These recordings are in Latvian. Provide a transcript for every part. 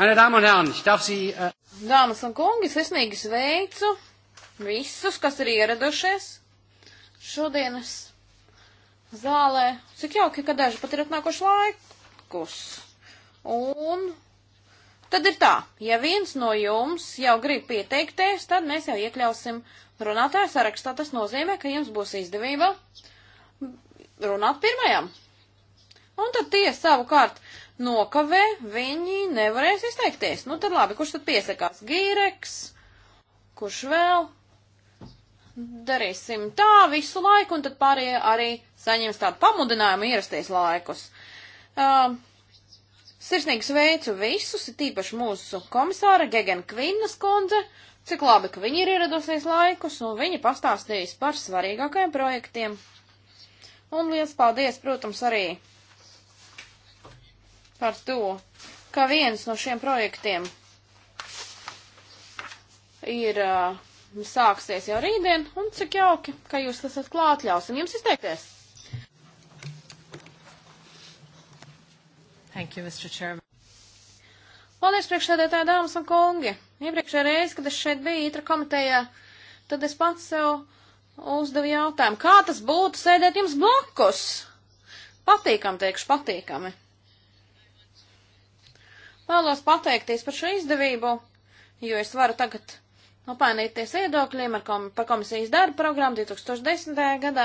Meine Damen un Herren, ich darf Sie... Uh... Dāmas un kungi, sirsnīgi sveicu visus, kas ir ieradušies šodienas zālē. Cik jauki, ka daži pat ir atnākuši laikus. Un tad ir tā, ja viens no jums jau grib pieteikties, tad mēs jau iekļausim runātāju sarakstā. Tas nozīmē, ka jums būs izdevība runāt pirmajam. Un tad tie savukārt nokavē, viņi nevarēs izteikties. Nu tad labi, kurš tad piesakās? Gīreks, kurš vēl? Darīsim tā visu laiku, un tad pārējie arī saņems tādu pamudinājumu ierasties laikus. Uh, sirsnīgi sveicu visus, ir tīpaši mūsu komisāra Gegen Kvinnas kundze, cik labi, ka viņi ir ieradusies laikus, un viņi pastāstīs par svarīgākajiem projektiem. Un liels paldies, protams, arī par to, ka viens no šiem projektiem ir uh, sāksies jau rītdien, un cik jauki, ka jūs esat klāt, ļausim jums izteikties. Thank you, Mr. Chairman. Paldies, priekšsēdētāji, dāmas un kungi. Iepriekšējā reize, kad es šeit biju ītra komitejā, tad es pats sev uzdevu jautājumu, kā tas būtu sēdēt jums blakus? Patīkam, teikšu, patīkami. Vēlos pateikties par šo izdevību, jo es varu tagad apmainīties viedokļiem kom par komisijas darba programmu 2010. gadā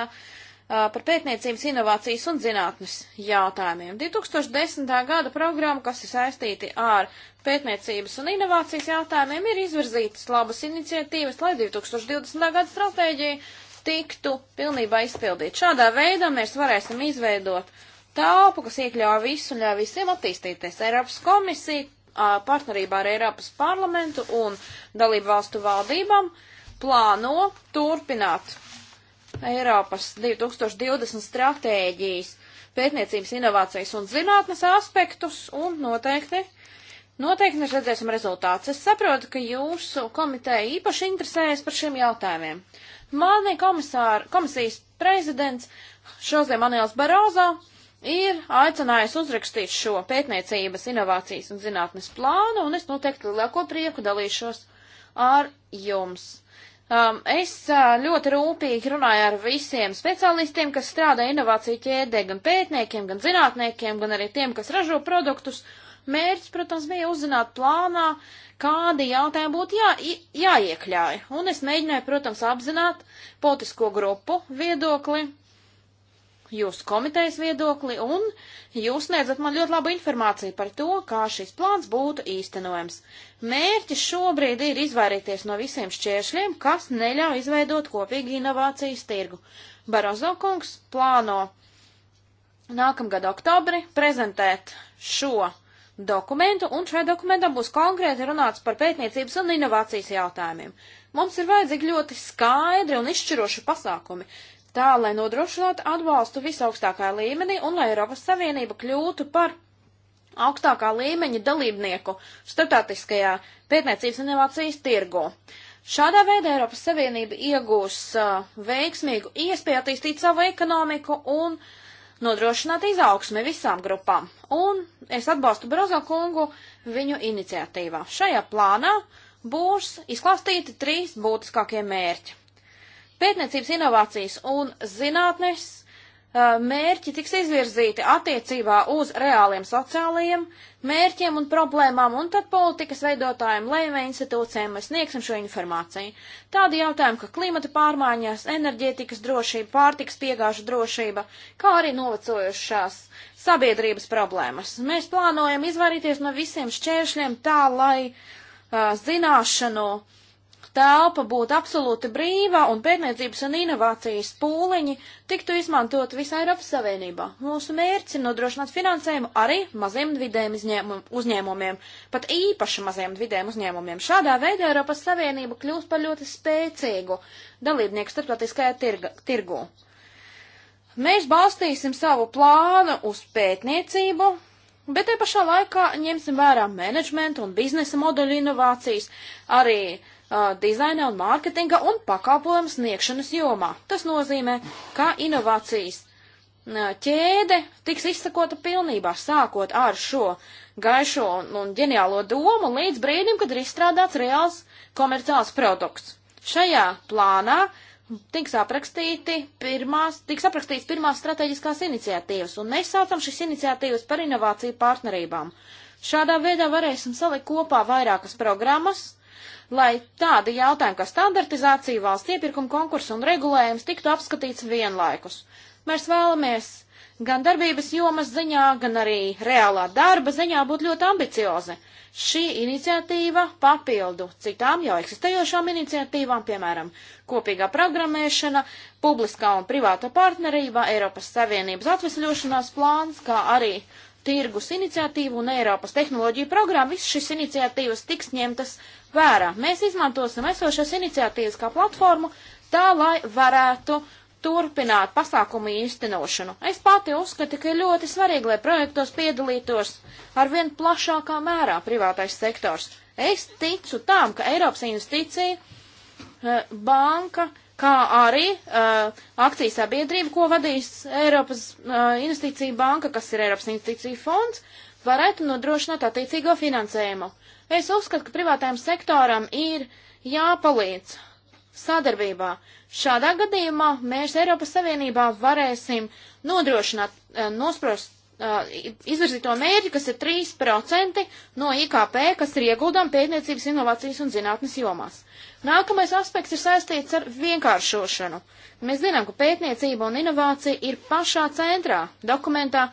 par pētniecības inovācijas un zinātnes jautājumiem. 2010. gada programma, kas ir saistīti ar pētniecības un inovācijas jautājumiem, ir izvirzītas labas iniciatīvas, lai 2020. gada stratēģija tiktu pilnībā izpildīta. Šādā veidā mēs varēsim izveidot uh, tālpu, kas iekļauj visu un ļauj visiem attīstīties. Eiropas komisija partnerībā ar Eiropas parlamentu un dalību valstu valdībām plāno turpināt Eiropas 2020 stratēģijas pētniecības inovācijas un zinātnes aspektus un noteikti Noteikti mēs redzēsim rezultātus. Es saprotu, ka jūsu komiteja īpaši interesējas par šiem jautājumiem. Mani komisāra, komisijas prezidents Šozē Manuels Barozo ir aicinājusi uzrakstīt šo pētniecības, inovācijas un zinātnes plānu, un es noteikti lielāko prieku dalīšos ar jums. Um, es uh, ļoti rūpīgi runāju ar visiem speciālistiem, kas strādā inovāciju ķēdē, gan pētniekiem, gan zinātniekiem, gan arī tiem, kas ražo produktus. Mērķis, protams, bija uzzināt plānā, kādi jautājumi būtu jā, jāiekļauj. Un es mēģināju, protams, apzināt politisko grupu viedokli, jūsu komitejas viedokli, un jūs sniedzat man ļoti labu informāciju par to, kā šis plāns būtu īstenojams. Mērķis šobrīd ir izvairīties no visiem šķēršļiem, kas neļauj izveidot kopīgi inovācijas tirgu. Barozo kungs plāno nākamgad oktobri prezentēt šo dokumentu, un šajā dokumentā būs konkrēti runāts par pētniecības un inovācijas jautājumiem. Mums ir vajadzīgi ļoti skaidri un izšķiroši pasākumi, tā, lai nodrošinātu atbalstu visaugstākā līmenī un lai Eiropas Savienība kļūtu par augstākā līmeņa dalībnieku starptautiskajā pētniecības inovācijas tirgu. Šādā veidā Eiropas Savienība iegūs uh, veiksmīgu iespēju attīstīt savu ekonomiku un nodrošināt izaugsmi visām grupām. Un es atbalstu Brozo kungu viņu iniciatīvā. Šajā plānā būs izklāstīti trīs būtiskākie mērķi. Pētniecības inovācijas un zinātnes uh, mērķi tiks izvirzīti attiecībā uz reāliem sociālajiem mērķiem un problēmām, un tad politikas veidotājiem, lēmē institūcijiem mēs sniegsim šo informāciju. Tādi jautājumi, kā klimata pārmaiņas, enerģētikas drošība, pārtiks piegāžu drošība, kā arī novecojušās sabiedrības problēmas. Mēs plānojam izvairīties no visiem šķēršļiem tā, lai uh, zināšanu uh, telpa būtu absolūti brīva un pētniecības un inovācijas pūliņi tiktu izmantot visā Eiropas Savienībā. Mūsu mērķis ir nodrošināt finansējumu arī maziem vidējiem uzņēmumiem, pat īpaši maziem vidējiem uzņēmumiem. Šādā veidā Eiropas Savienība kļūst par ļoti spēcīgu dalībnieku starptautiskajā tirga, tirgu. Mēs balstīsim savu plānu uz pētniecību, bet te pašā laikā ņemsim vērā menedžmenta un biznesa modeļu inovācijas, arī uh, dizaina un mārketinga un pakalpojumu sniegšanas jomā. Tas nozīmē, ka inovācijas uh, ķēde tiks izsakota pilnībā, sākot ar šo gaišo un, un ģeniālo domu līdz brīdim, kad ir izstrādāts reāls komerciāls produkts. Šajā plānā tiks, pirmās, tiks aprakstīts pirmās strateģiskās iniciatīvas, un mēs saucam šīs iniciatīvas par inovāciju partnerībām. Šādā veidā varēsim salikt kopā vairākas programmas, lai tādi jautājumi kā standartizācija, valsts iepirkuma konkursa un regulējums tiktu apskatīts vienlaikus. Mēs vēlamies gan darbības jomas ziņā, gan arī reālā darba ziņā būt ļoti ambiciozi. Šī iniciatīva papildu citām jau eksistējošām iniciatīvām, piemēram, kopīgā programmēšana, publiskā un privāta partnerība, Eiropas Savienības atvesļošanās plāns, kā arī tirgus iniciatīvu un Eiropas tehnoloģiju programmu. Visas šīs iniciatīvas tiks ņemtas vērā. Mēs izmantosim esošās iniciatīvas kā platformu, tā lai varētu turpināt pasākumu īstenošanu. Es pati uzskatu, ka ir ļoti svarīgi, lai projektos piedalītos ar vien plašākā mērā privātais sektors. Es ticu tam, ka Eiropas investīcija eh, banka, kā arī uh, akcijas sabiedrība, ko vadīs Eiropas uh, investīcija banka, kas ir Eiropas investīcija fonds, varētu nodrošināt attiecīgo finansējumu. Es uzskatu, ka privātajam sektoram ir jāpalīdz sadarbībā. Šādā gadījumā mēs Eiropas Savienībā varēsim nodrošināt, eh, nosprost, eh, izvirzīto mērķi, kas ir 3% no IKP, kas ir ieguldām pētniecības, inovācijas un zinātnes jomās. Nākamais aspekts ir saistīts ar vienkāršošanu. Mēs zinām, ka pētniecība un inovācija ir pašā centrā dokumentā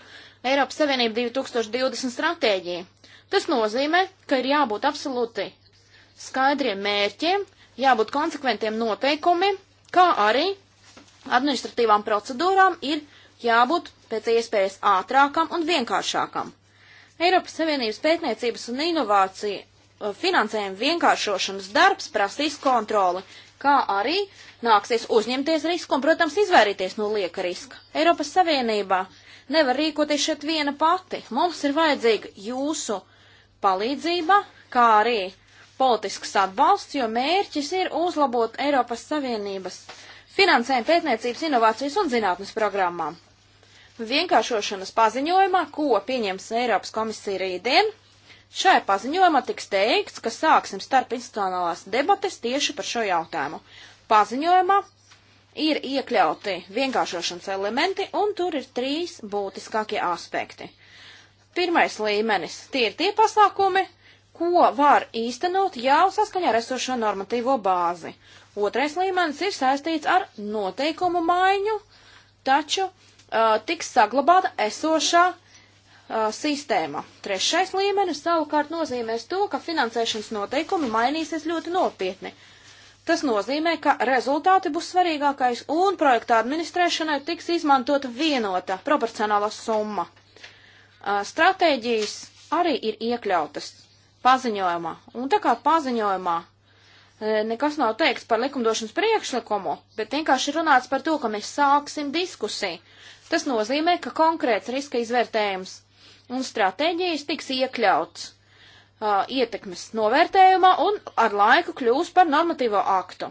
Eiropas Savienība 2020 stratēģija. Tas nozīmē, ka ir jābūt absolūti skaidriem mērķiem, jābūt konsekventiem noteikumiem, kā arī administratīvām procedūrām ir jābūt pēc iespējas ātrākam un vienkāršākam. Eiropas Savienības pētniecības un inovāciju uh, finansējuma vienkāršošanas darbs prasīs kontroli, kā arī nāksies uzņemties risku un, protams, izvairīties no lieka riska. Eiropas Savienībā nevar rīkoties šeit viena pati. Mums ir vajadzīga jūsu palīdzība, kā arī politisks atbalsts, jo mērķis ir uzlabot Eiropas Savienības finansējumu pētniecības inovācijas un zinātnes programmām. Vienkāršošanas paziņojumā, ko pieņems Eiropas komisija rītdien, Šajā paziņojumā tiks teikts, ka sāksim starp institucionālās debates tieši par šo jautājumu. Paziņojumā ir iekļauti vienkāršošanas elementi, un tur ir trīs būtiskākie aspekti. Pirmais līmenis - tie ir tie pasākumi, ko var īstenot jau saskaņā ar esošo normatīvo bāzi. Otrais līmenis ir saistīts ar noteikumu maiņu, taču uh, tiks saglabāta esošā uh, sistēma. Trešais līmenis savukārt nozīmēs to, ka finansēšanas noteikumi mainīsies ļoti nopietni. Tas nozīmē, ka rezultāti būs svarīgākais un projekta administrēšanai tiks izmantota vienota proporcionāla summa stratēģijas arī ir iekļautas paziņojumā. Un tā kā paziņojumā nekas nav teikts par likumdošanas priekšlikumu, bet vienkārši runāts par to, ka mēs sāksim diskusiju. Tas nozīmē, ka konkrēts riska izvērtējums un stratēģijas tiks iekļauts uh, ietekmes novērtējumā un ar laiku kļūs par normatīvo aktu.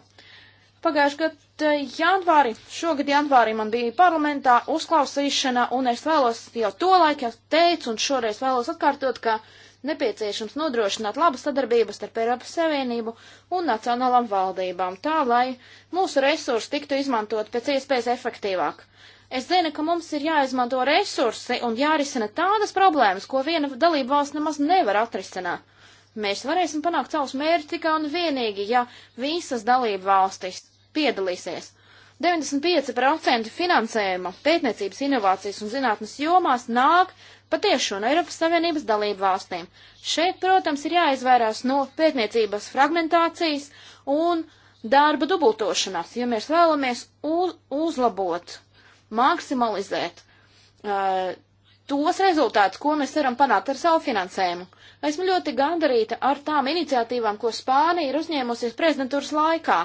Pagājušajā gadā janvārī, šogad janvārī man bija parlamentā uzklausīšana, un es vēlos jau to laiku jau teicu, un šoreiz vēlos atkārtot, ka nepieciešams nodrošināt labu sadarbību starp Eiropas Savienību un nacionālām valdībām, tā lai mūsu resursi tiktu izmantot pēc iespējas efektīvāk. Es zinu, ka mums ir jāizmanto resursi un jārisina tādas problēmas, ko viena dalība valsts nemaz nevar atrisināt. Mēs varēsim panākt savus mērķus tikai un vienīgi, ja visas dalība valstis piedalīsies. 95% finansējuma pētniecības, inovācijas un zinātnes jomās nāk patiešo no Eiropas Savienības dalību valstīm. Šeit, protams, ir jāizvairās no pētniecības fragmentācijas un darba dubultošanās, ja mēs vēlamies uz, uzlabot, maksimalizēt uh, tos rezultātus, ko mēs varam panākt ar savu finansējumu. Esmu ļoti gandarīta ar tām iniciatīvām, ko Spānija ir uzņēmusies prezidentūras laikā,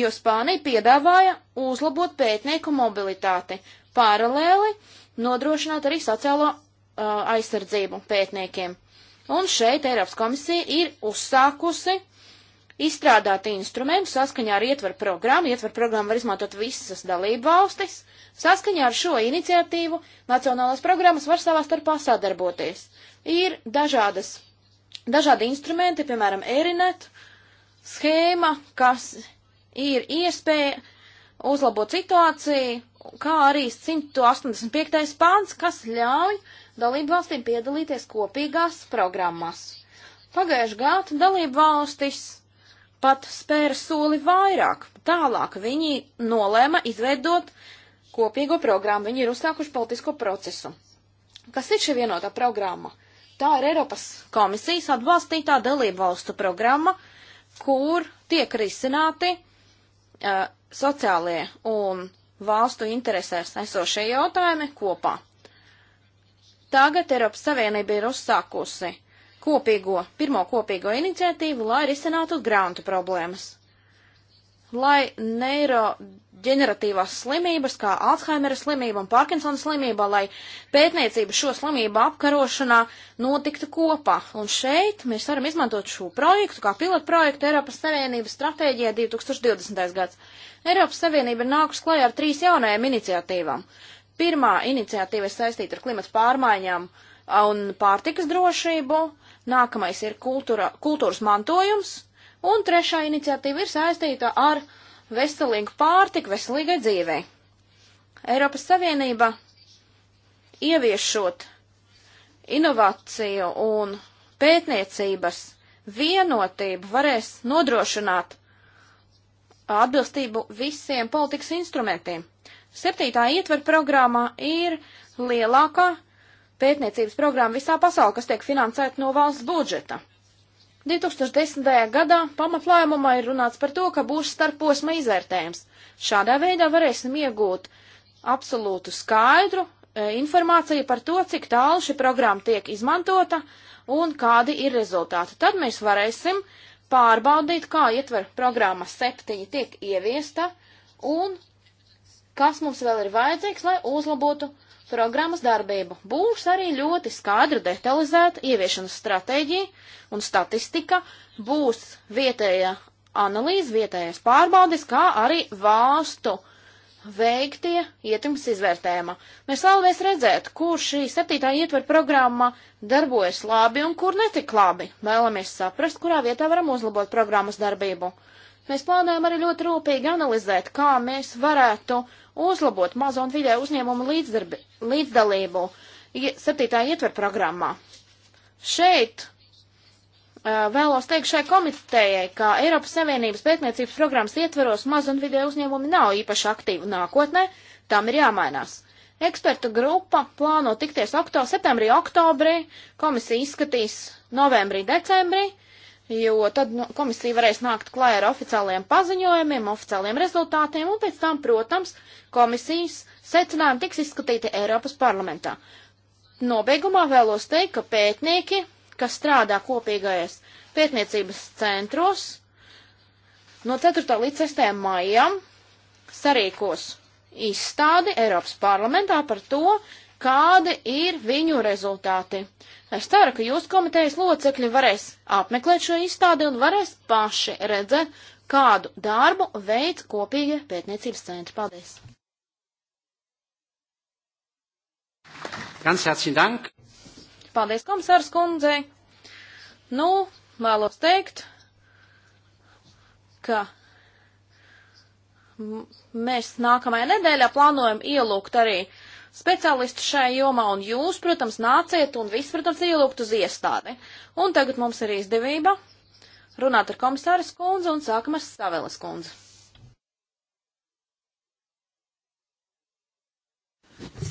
jo Spānija piedāvāja uzlabot pētnieku mobilitāti, paralēli nodrošināt arī sociālo uh, aizsardzību pētniekiem. Un šeit Eiropas komisija ir uzsākusi uh, izstrādāt instrumentu saskaņā ar ietveru programmu. Ietveru programmu var izmantot visas dalību valstis. Saskaņā ar šo iniciatīvu nacionālās programmas var savā starpā sadarboties. Ir dažādas, dažādi instrumenti, piemēram, Erinet, schēma, kas ir iespēja uzlabot situāciju, kā arī 185. pāns, kas ļauj dalību valstīm piedalīties kopīgās programmās. Pagājuši gadu dalību valstis pat spēra soli vairāk. Tālāk viņi nolēma izveidot kopīgo programmu. Viņi ir uzsākuši politisko procesu. Kas ir šī vienotā programma? Tā ir Eiropas komisijas atbalstītā dalību valstu programma, kur tiek risināti uh, sociālie un valstu interesēs esošie jautājumi kopā. Tagad Eiropas Savienība ir uzsākusi kopīgo, pirmo kopīgo iniciatīvu, lai risinātu grantu problēmas. Lai neiroģeneratīvās slimības, kā Alzheimera slimība un Parkinsona slimība, lai pētniecība šo slimību apkarošanā notiktu kopā. Un šeit mēs varam izmantot šo projektu kā pilotprojektu Eiropas Savienības stratēģijā 2020. gads. Eiropas Savienība ir nākus klajā ar trīs jaunajām iniciatīvām. Pirmā iniciatīva ir saistīta ar klimatu pārmaiņām un pārtikas drošību nākamais ir kultūra, kultūras mantojums, un trešā iniciatīva ir saistīta ar veselīgu pārtiku, veselīgai dzīvei. Eiropas Savienība ieviešot inovāciju un pētniecības vienotību varēs nodrošināt atbilstību visiem politikas instrumentiem. Septītā ietver programmā ir lielākā pētniecības programma visā pasaulē, kas tiek finansēta no valsts budžeta. 2010. gadā pamatlēmumā ir runāts par to, ka būs starposma izvērtējums. Šādā veidā varēsim iegūt absolūtu skaidru e, informāciju par to, cik tālu šī programma tiek izmantota un kādi ir rezultāti. Tad mēs varēsim pārbaudīt, kā ietver programma septiņi tiek ieviesta un kas mums vēl ir vajadzīgs, lai uzlabotu programmas darbību. Būs arī ļoti skaidra, detalizēta ieviešanas stratēģija un statistika, būs vietējā analīze, vietējais pārbaudis, kā arī vāstu veiktie ietekmes izvērtējuma. Mēs vēlamies redzēt, kur šī septītā ietver programma darbojas labi un kur netik labi. Vēlamies saprast, kurā vietā varam uzlabot programmas darbību. Mēs plānojam arī ļoti rūpīgi analizēt, kā mēs varētu uh, uzlabot mazo un vidēju uzņēmumu līdzdarbi, līdzdalību septītā ietver programmā. Šeit vēlos teikt šai komitejai, ka Eiropas Savienības pētniecības programmas ietveros maz un vidēju uzņēmumi nav īpaši aktīvi nākotnē, tam ir jāmainās. Ekspertu grupa plāno tikties okto, septembrī, oktobrī, komisija izskatīs novembrī, decembrī jo tad nu, komisija varēs nākt klāja ar oficiāliem paziņojumiem, oficiāliem rezultātiem, un pēc tam, protams, komisijas secinājumi tiks izskatīti Eiropas parlamentā. Nobeigumā vēlos teikt, ka pētnieki, kas strādā kopīgajās pētniecības centros, no 4. līdz 6. maijam sarīkos izstādi Eiropas parlamentā par to, kādi ir viņu rezultāti. Es ceru, ka jūs komitejas locekļi varēs apmeklēt šo izstādi un varēs paši redzēt, kādu darbu veids kopīgie pētniecības centri. Paldies! Ganz herzlichen Dank! Paldies, komisārs kundzei! Nu, vēlos teikt, ka mēs nākamajā nedēļā plānojam ielūgt arī uh, speciālistus šajā jomā, un jūs, protams, nāciet un viss, protams, ielūgt uz iestādi. Un tagad mums ir izdevība runāt ar komisāras kundzi un sākam ar Saveles kundzi.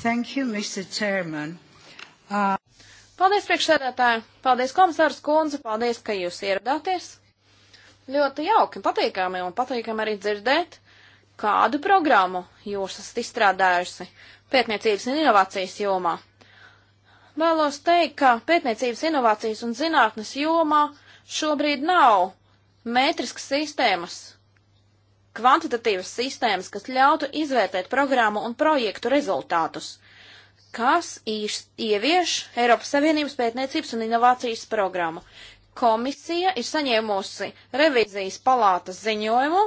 Thank you, Mr. Chairman. Uh... Paldies, priekšsēdētāji! Paldies, komisārs kundze! Paldies, ka jūs ieradāties! Ļoti jauki, patīkami un patīkami arī dzirdēt, Kādu programmu jūs esat izstrādājusi pētniecības un inovācijas jomā? Vēlos teikt, ka pētniecības inovācijas un zinātnes jomā šobrīd nav metriskas sistēmas, kvantitatīvas sistēmas, kas ļautu izvērtēt programmu un projektu rezultātus, kas ievieš Eiropas Savienības pētniecības un inovācijas programmu. Komisija ir saņēmusi revizijas palātas ziņojumu,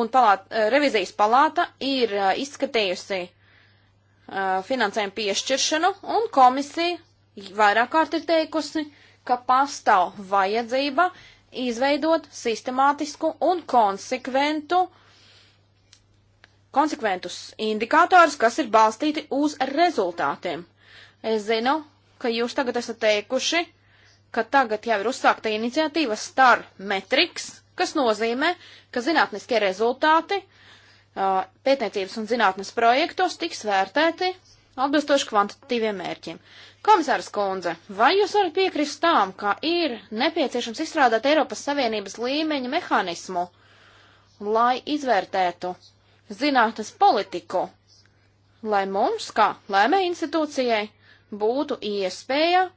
un palāt, eh, revizijas palāta ir uh, izskatījusi uh, finansējumu piešķiršanu, un komisija vairāk kārt ir teikusi, ka pastāv vajadzība izveidot sistemātisku un konsekventu konsekventus indikātorus, kas ir balstīti uz rezultātiem. Es zinu, ka jūs tagad esat teikuši, ka tagad jau ir uzsākta iniciatīva Star Metrics, kas nozīmē, ka zinātniskie rezultāti pētniecības un zinātnes projektos tiks vērtēti atbilstoši kvantitatīviem mērķiem. Komisārs Kundze, vai jūs varat piekrist tām, ka ir nepieciešams izstrādāt Eiropas Savienības līmeņa mehānismu, lai izvērtētu zinātnes politiku, lai mums, kā lēmē institūcijai, būtu iespēja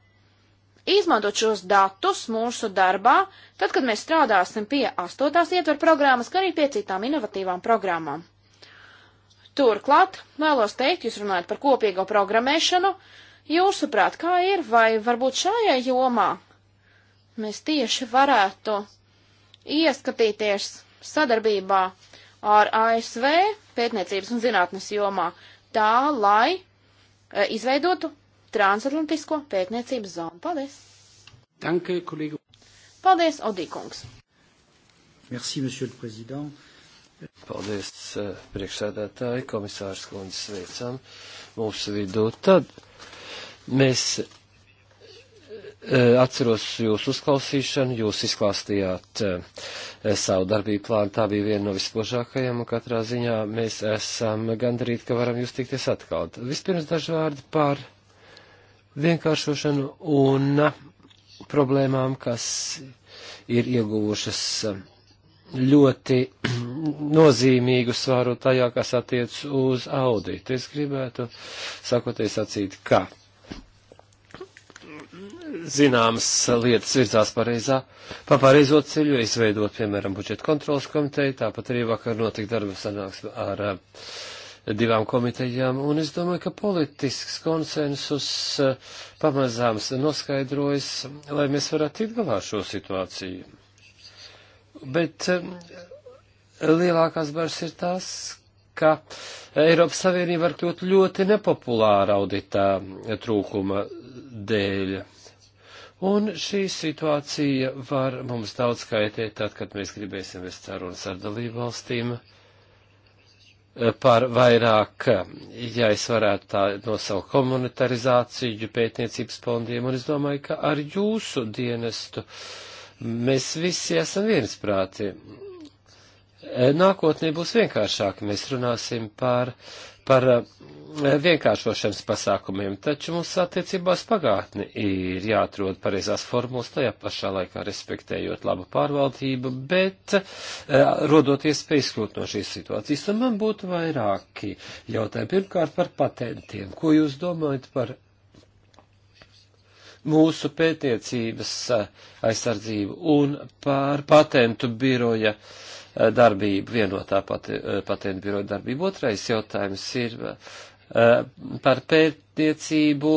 izmantot šos datus mūsu darbā, tad, kad mēs strādāsim pie astotās ietver programmas, kā arī pie citām inovatīvām programmām. Turklāt vēlos teikt, jūs runājat par kopīgo programmēšanu. Jūsuprāt, kā ir, vai varbūt šajā jomā mēs tieši varētu ieskatīties sadarbībā ar ASV pētniecības un zinātnes jomā tā, lai e, izveidotu transatlantisko pētniecības zonu. Paldies! Danke, kolēģi! Paldies, Odīkungs! Merci, monsieur le président! Paldies, eh, priekšsēdētāji, komisārs Kundze, sveicam mūsu vidū. Tad mēs eh, atceros jūsu uzklausīšanu, jūs izklāstījāt eh, savu darbību plānu, tā bija viena no vispožākajām, un katrā ziņā mēs esam gandrīt, ka varam jūs tikties atkal. Vispirms daži vārdi par vienkāršošanu un problēmām, kas ir ieguvušas ļoti nozīmīgu svaru tajā, kas attiec uz auditu. Es gribētu sakoties acīt, ka zināmas lietas virzās pareizā, pa pareizo ceļu, izveidot, piemēram, budžeta kontrolas komiteju, tāpat arī vakar notika darba sanāksme ar uh, divām komitejām, un es domāju, ka politisks konsensus eh, pamazām noskaidrojas, lai mēs varētu tikt galā šo situāciju. Bet eh, lielākās bažas ir tās, ka Eiropas Savienība var kļūt ļoti nepopulāra auditā trūkuma dēļ. Un šī situācija var mums daudz kaitēt, tad, kad mēs gribēsim vest sarunas ar dalību valstīm. Uh, par vairāk, ja es varētu tā nosaukt, komunitarizāciju pētniecības fondiem, un es domāju, ka ar jūsu dienestu mēs visi esam viensprāti. Eh, nākotnē būs vienkāršāk. Mēs runāsim par, par eh, vienkāršošanas pasākumiem, taču mums attiecībās pagātni ir jāatrod pareizās formulas, tajā pašā laikā respektējot labu pārvaldību, bet eh, rodot iespēju izkļūt no šīs situācijas. Un man būtu vairāki jautājumi. Pirmkārt par patentiem. Ko jūs domājat par mūsu pētniecības aizsardzību un par patentu biroja uh, Eh, darbību, vienotā eh, patentu biroja darbību. Otrais jautājums ir eh, par pētniecību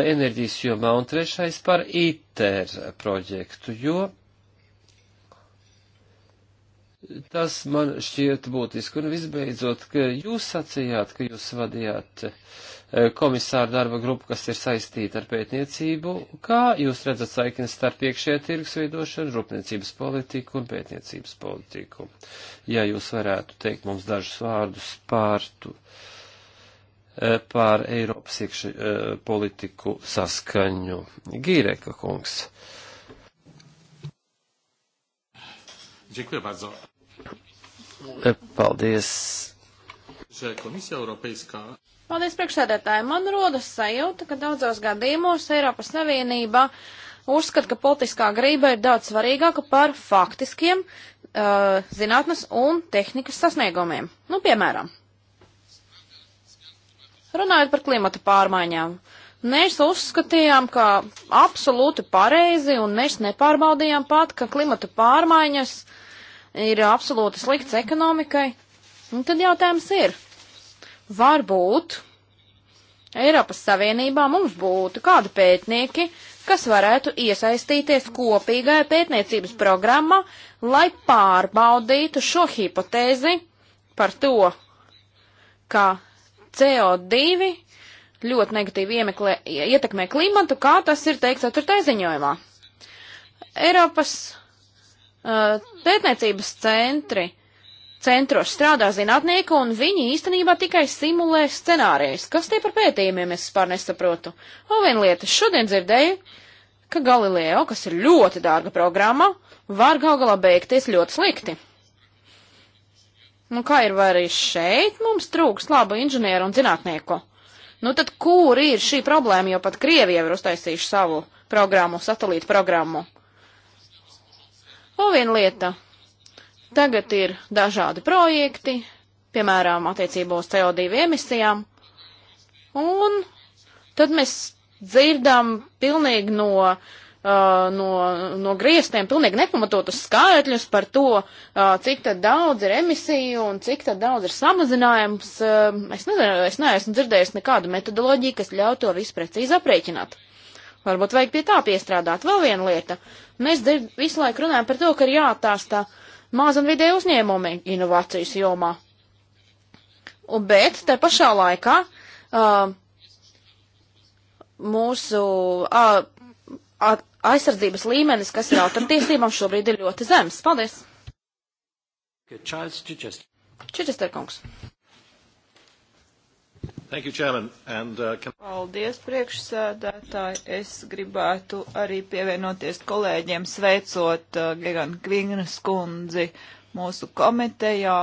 enerģijas jomā un trešais par ITER projektu, jo tas man šķiet būtiski. Un visbeidzot, ka jūs sacījāt, ka jūs vadījāt uh, Eh, komisāru darba grupu, kas ir saistīta ar pētniecību. Kā jūs redzat saiknes starp iekšējā tirgus veidošanu, rūpniecības politiku un pētniecības politiku? Ja jūs varētu teikt mums dažus vārdus pār, tu, eh, pār Eiropas iekšē eh, politiku saskaņu. Gīreka kungs. Dziękuję bardzo. Paldies. Że Komisja Europejska Paldies priekšsēdētāji. Man rodas sajūta, ka daudzos gadījumos Eiropas Savienība uzskata, ka politiskā grība ir daudz svarīgāka par faktiskiem uh, zinātnes un tehnikas sasniegumiem. Nu, piemēram, runājot par klimata pārmaiņām. Mēs uzskatījām, ka absolūti pareizi, un mēs nepārbaudījām pat, ka klimata pārmaiņas ir absolūti slikts ekonomikai. Un tad jautājums ir, Varbūt Eiropas Savienībā mums būtu kādi pētnieki, kas varētu iesaistīties kopīgajā pētniecības programmā, lai pārbaudītu šo hipotēzi par to, ka CO2 ļoti negatīvi iemeklē, ietekmē klimatu, kā tas ir teikts 4. ziņojumā. Eiropas uh, pētniecības centri centros strādā zinātnieki, un viņi īstenībā tikai simulē scenārijus. Kas tie par pētījumiem, es vispār nesaprotu. Un viena lieta, šodien dzirdēju, ka Galileo, kas ir ļoti dārga programma, var gal galā beigties ļoti slikti. Nu, kā ir vai arī šeit mums trūks labu inženieru un zinātnieku? Nu, tad kur ir šī problēma, jo pat Krievija ir uztaisījuši savu programmu, satelītu programmu? Un viena lieta, Tagad ir dažādi projekti, piemēram, attiecībā uz CO2 emisijām, un tad mēs dzirdam pilnīgi no, uh, no, no griestiem pilnīgi nepamatotus skaitļus par to, uh, cik tad daudz ir emisiju un cik tad daudz ir samazinājums. Uh, es nezinu, es neesmu dzirdējis nekādu metodoloģiju, kas ļauj to visu precīzi aprēķināt. Varbūt vajag pie tā piestrādāt. Vēl viena lieta. Mēs dzird, visu laiku runājam par to, ka ir jātāstā uh, maz un vidēji uzņēmumi inovācijas jomā. Un, bet te pašā laikā uh, mūsu uh, aizsardzības līmenis, kas ir autortiesībām, šobrīd ir ļoti zems. Paldies! Čičester kungs. Thank you, Chairman. And, uh, can... Paldies, priekšsēdētāji. Es gribētu arī pievienoties kolēģiem sveicot uh, Gegana Kvingras kundzi mūsu komitejā.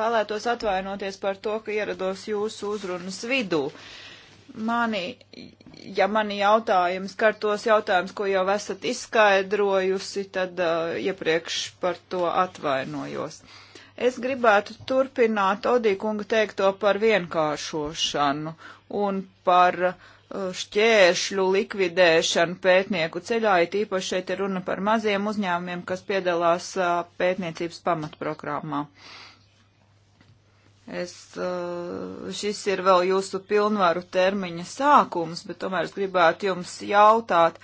Vēlētos atvainoties par to, ka ierados jūsu uzrunas vidū. Mani, ja mani jautājums, kā ar tos jautājums, ko jau esat izskaidrojusi, tad uh, iepriekš par to atvainojos. Uh, Es gribētu turpināt Odīkunga teikto par vienkāršošanu un par uh, šķēršļu likvidēšanu pētnieku ceļā, it īpaši šeit ir runa par maziem uzņēmumiem, kas piedalās uh, pētniecības pamatprogrammā. Es, uh, šis ir vēl jūsu pilnvaru termiņa sākums, bet tomēr es gribētu jums jautāt,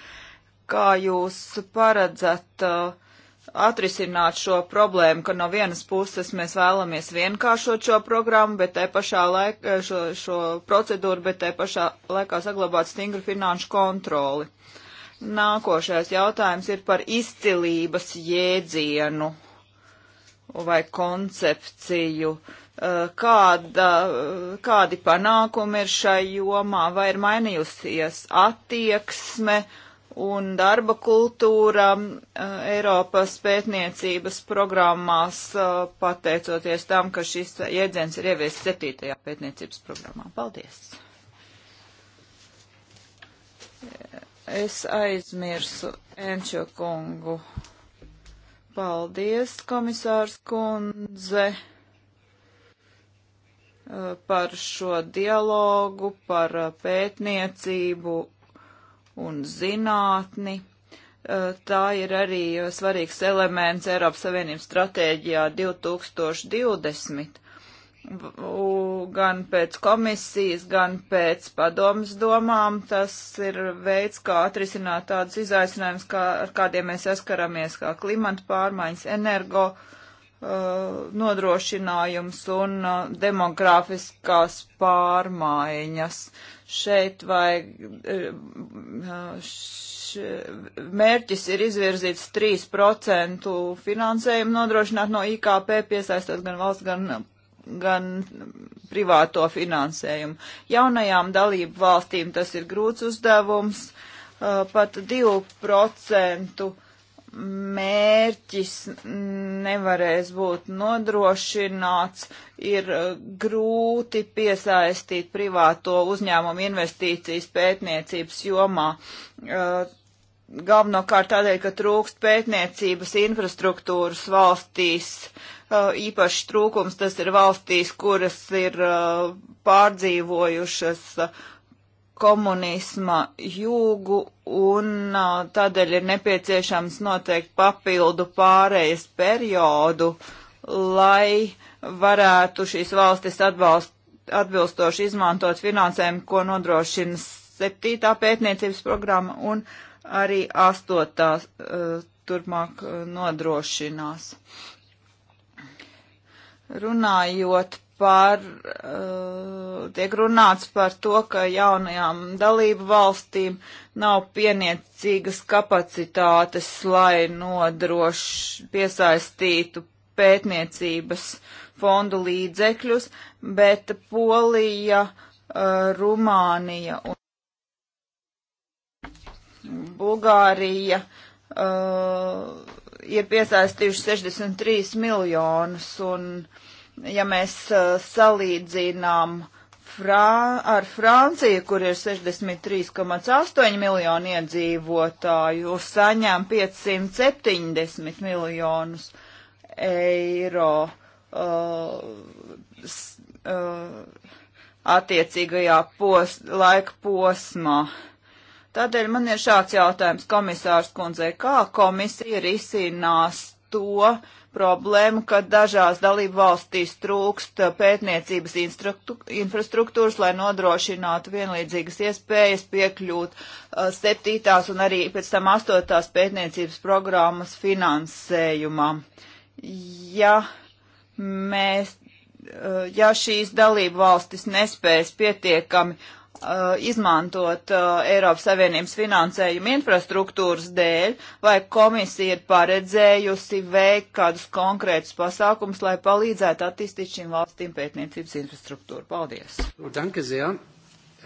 kā jūs paredzat uh, atrisināt šo problēmu, ka no vienas puses mēs vēlamies vienkāršot šo programmu, bet te pašā laikā eh, šo, šo procedūru, bet te pašā laikā saglabāt stingru finanšu kontroli. Nākošais jautājums ir par izcilības jēdzienu vai koncepciju. Eh, kāda, kādi panākumi ir šai jomā, vai ir mainījusies attieksme, uh, un darba kultūra eh, Eiropas pētniecības programmās, eh, pateicoties tam, ka šis jēdziens ir ieviests 7. pētniecības programmā. Paldies! Es aizmirsu Enčo kungu. Paldies, komisārs kundze, eh, par šo dialogu, par pētniecību un zinātni. Tā ir arī svarīgs elements Eiropas Savienības stratēģijā 2020 gan pēc komisijas, gan pēc padomas domām. Tas ir veids, kā atrisināt tādus izaicinājumus, kā, ar kādiem mēs saskaramies, kā klimata pārmaiņas, energo uh, Uh, nodrošinājums un uh, demografiskās pārmaiņas. Šeit vajag, uh, š, mērķis ir izvirzīts 3% finansējumu nodrošināt no IKP, piesaistot gan valsts, gan gan privāto finansējumu. Jaunajām dalību valstīm tas ir grūts uzdevums, pat 2% mērķis nevarēs būt nodrošināts, ir grūti piesaistīt privāto uzņēmumu investīcijas pētniecības jomā. Uh, galvenokārt tādēļ, ka trūkst pētniecības infrastruktūras valstīs, uh, īpaši trūkums tas ir valstīs, kuras ir uh, pārdzīvojušas komunisma jūgu un tādēļ ir nepieciešams noteikti papildu pārējas periodu, lai varētu šīs valstis atbalst, atbilstoši izmantot finansējumu, ko nodrošina septītā pētniecības programma un arī astotā uh, turpmāk nodrošinās. Runājot par, uh, tiek runāts par to, ka jaunajām dalību valstīm nav pieniecīgas kapacitātes, lai nodroši piesaistītu pētniecības fondu līdzekļus, bet Polija, uh, Rumānija un Bulgārija uh, ir piesaistījuši 63 miljonus un uh, ja mēs eh, salīdzinām Frā, ar Franciju, kur ir 63,8 miljoni iedzīvotāju, saņem 570 miljonus eiro uh, s, uh, attiecīgajā pos, laika posmā. Tādēļ man ir šāds jautājums komisārs kundzei, kā komisija risinās to, uh, problēma, ka dažās dalību valstīs trūkst pētniecības infrastruktūras, lai nodrošinātu vienlīdzīgas iespējas piekļūt uh, septītās un arī pēc tam astotās pētniecības programmas finansējumam. Ja mēs uh, ja šīs dalību valstis nespēs pietiekami Uh, izmantot uh, Eiropas Savienības finansējumu infrastruktūras dēļ, vai komisija ir paredzējusi veikt kādus konkrētus pasākumus, lai palīdzētu attīstīt šīm valstīm pētniecības infrastruktūru. Paldies! No, oh, danke sehr.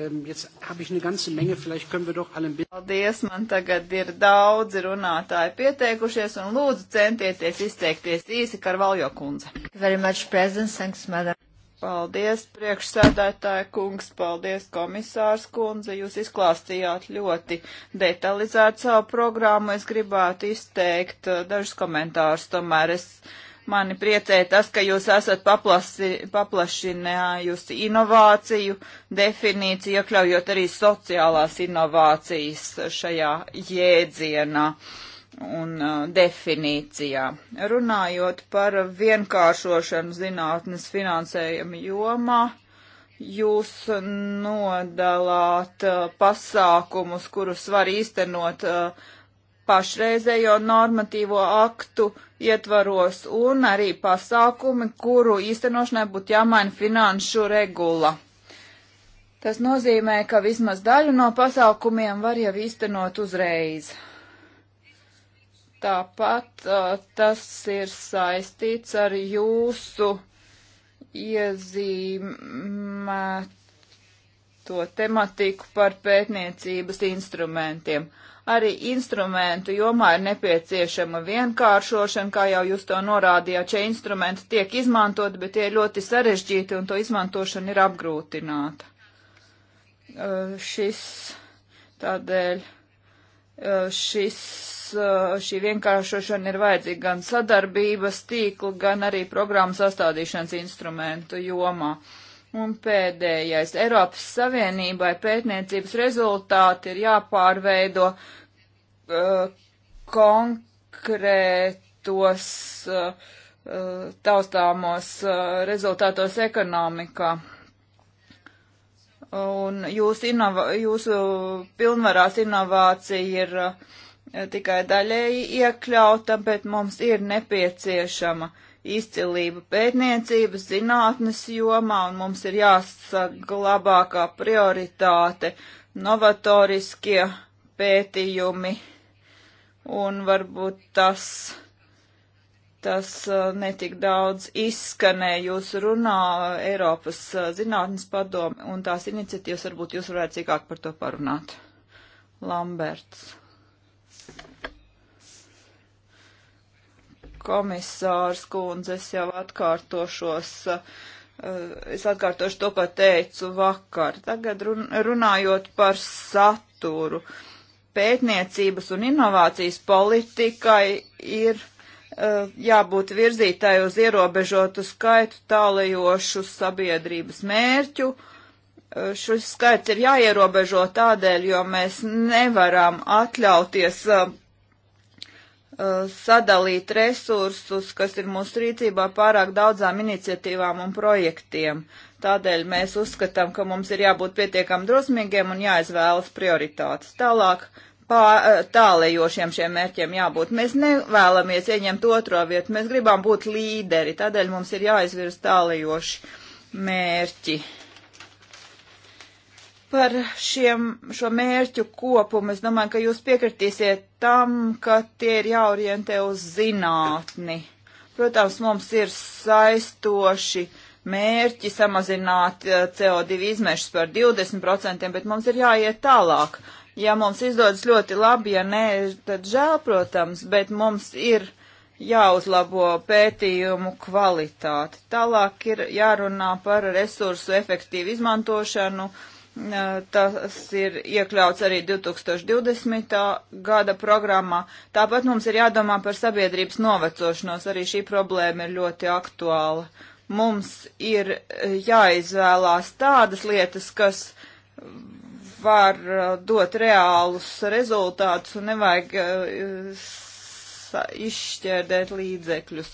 Um, jetzt habe ich eine ganze Menge, vielleicht können wir doch alle ein bisschen. Paldies, man tagad ir daudzi runātāji pieteikušies un lūdzu centieties izteikties īsi Karvaljo kundze. Very much present, thanks, madam. Paldies, priekšsēdētāja kungs, paldies, komisārs kundze. Jūs izklāstījāt ļoti detalizētu savu programmu. Es gribētu izteikt uh, dažus komentārus, tomēr es mani priecē tas, ka jūs esat paplasi, paplašinājusi inovāciju definīciju, iekļaujot arī sociālās inovācijas šajā jēdzienā. Uh, un uh, definīcijā. Runājot par vienkāršošanu zinātnes finansējuma jomā, jūs nodalāt uh, pasākumus, kurus var īstenot uh, pašreizējo normatīvo aktu ietvaros un arī pasākumi, kuru īstenošanai būtu jāmaina finanšu regula. Tas nozīmē, ka vismaz daļu no pasākumiem var jau īstenot uzreiz. Tāpat uh, tas ir saistīts ar jūsu iezīmēto tematiku par pētniecības instrumentiem. Arī instrumentu jomā ir nepieciešama vienkāršošana, kā jau jūs to norādījāt, šie instrumenti tiek izmantoti, bet tie ir ļoti sarežģīti un to izmantošana ir apgrūtināta. Uh, šis tādēļ Eh, šis, eh, šī vienkāršošana ir vajadzīga gan sadarbības tīkla, gan arī programmas sastādīšanas instrumentu jomā. Un pēdējais - Eiropas Savienībai pētniecības rezultāti ir jāpārveido uh, konkrētos uh, taustāmos uh, rezultātos ekonomikā un jūs inova, jūsu pilnvarās inovācija ir eh, tikai daļēji iekļauta, bet mums ir nepieciešama izcilība pētniecības, zinātnes jomā, un mums ir jāsaglabā kā prioritāte novatoriskie pētījumi, un varbūt tas tas uh, netik daudz izskanēja jūsu runā Eiropas uh, zinātnes padomu un tās iniciatīvas, varbūt jūs varētu cīkāk par to parunāt. Lamberts. Komisārs kundze, es jau atkārtošos. Uh, es atkārtošu to, ko teicu vakar. Tagad runājot par saturu. Pētniecības un inovācijas politikai ir Eh, jābūt virzītāji uz ierobežotu skaitu tālajošu sabiedrības mērķu. Eh, šis skaits ir jāierobežo tādēļ, jo mēs nevaram atļauties eh, sadalīt resursus, kas ir mūsu rīcībā pārāk daudzām iniciatīvām un projektiem. Tādēļ mēs uzskatām, ka mums ir jābūt pietiekam drosmīgiem un jāizvēlas prioritātes. Tālāk Eh, tālējošiem šiem mērķiem jābūt. Mēs nevēlamies ieņemt otro vietu, mēs gribam būt līderi, tādēļ mums ir jāizvirz tālējoši mērķi. Par šiem, šo mērķu kopumu es domāju, ka jūs piekritīsiet tam, ka tie ir jāorientē uz zinātni. Protams, mums ir saistoši mērķi samazināt eh, CO2 izmešus par 20%, bet mums ir jāiet tālāk. Ja mums izdodas ļoti labi, ja nē, tad žēl, protams, bet mums ir jāuzlabo pētījumu kvalitāti. Tālāk ir jārunā par resursu efektīvu izmantošanu. Tas ir iekļauts arī 2020. gada programmā. Tāpat mums ir jādomā par sabiedrības novecošanos. Arī šī problēma ir ļoti aktuāla. Mums ir jāizvēlās tādas lietas, kas var uh, dot reālus rezultātus un nevajag uh, izšķērdēt līdzekļus.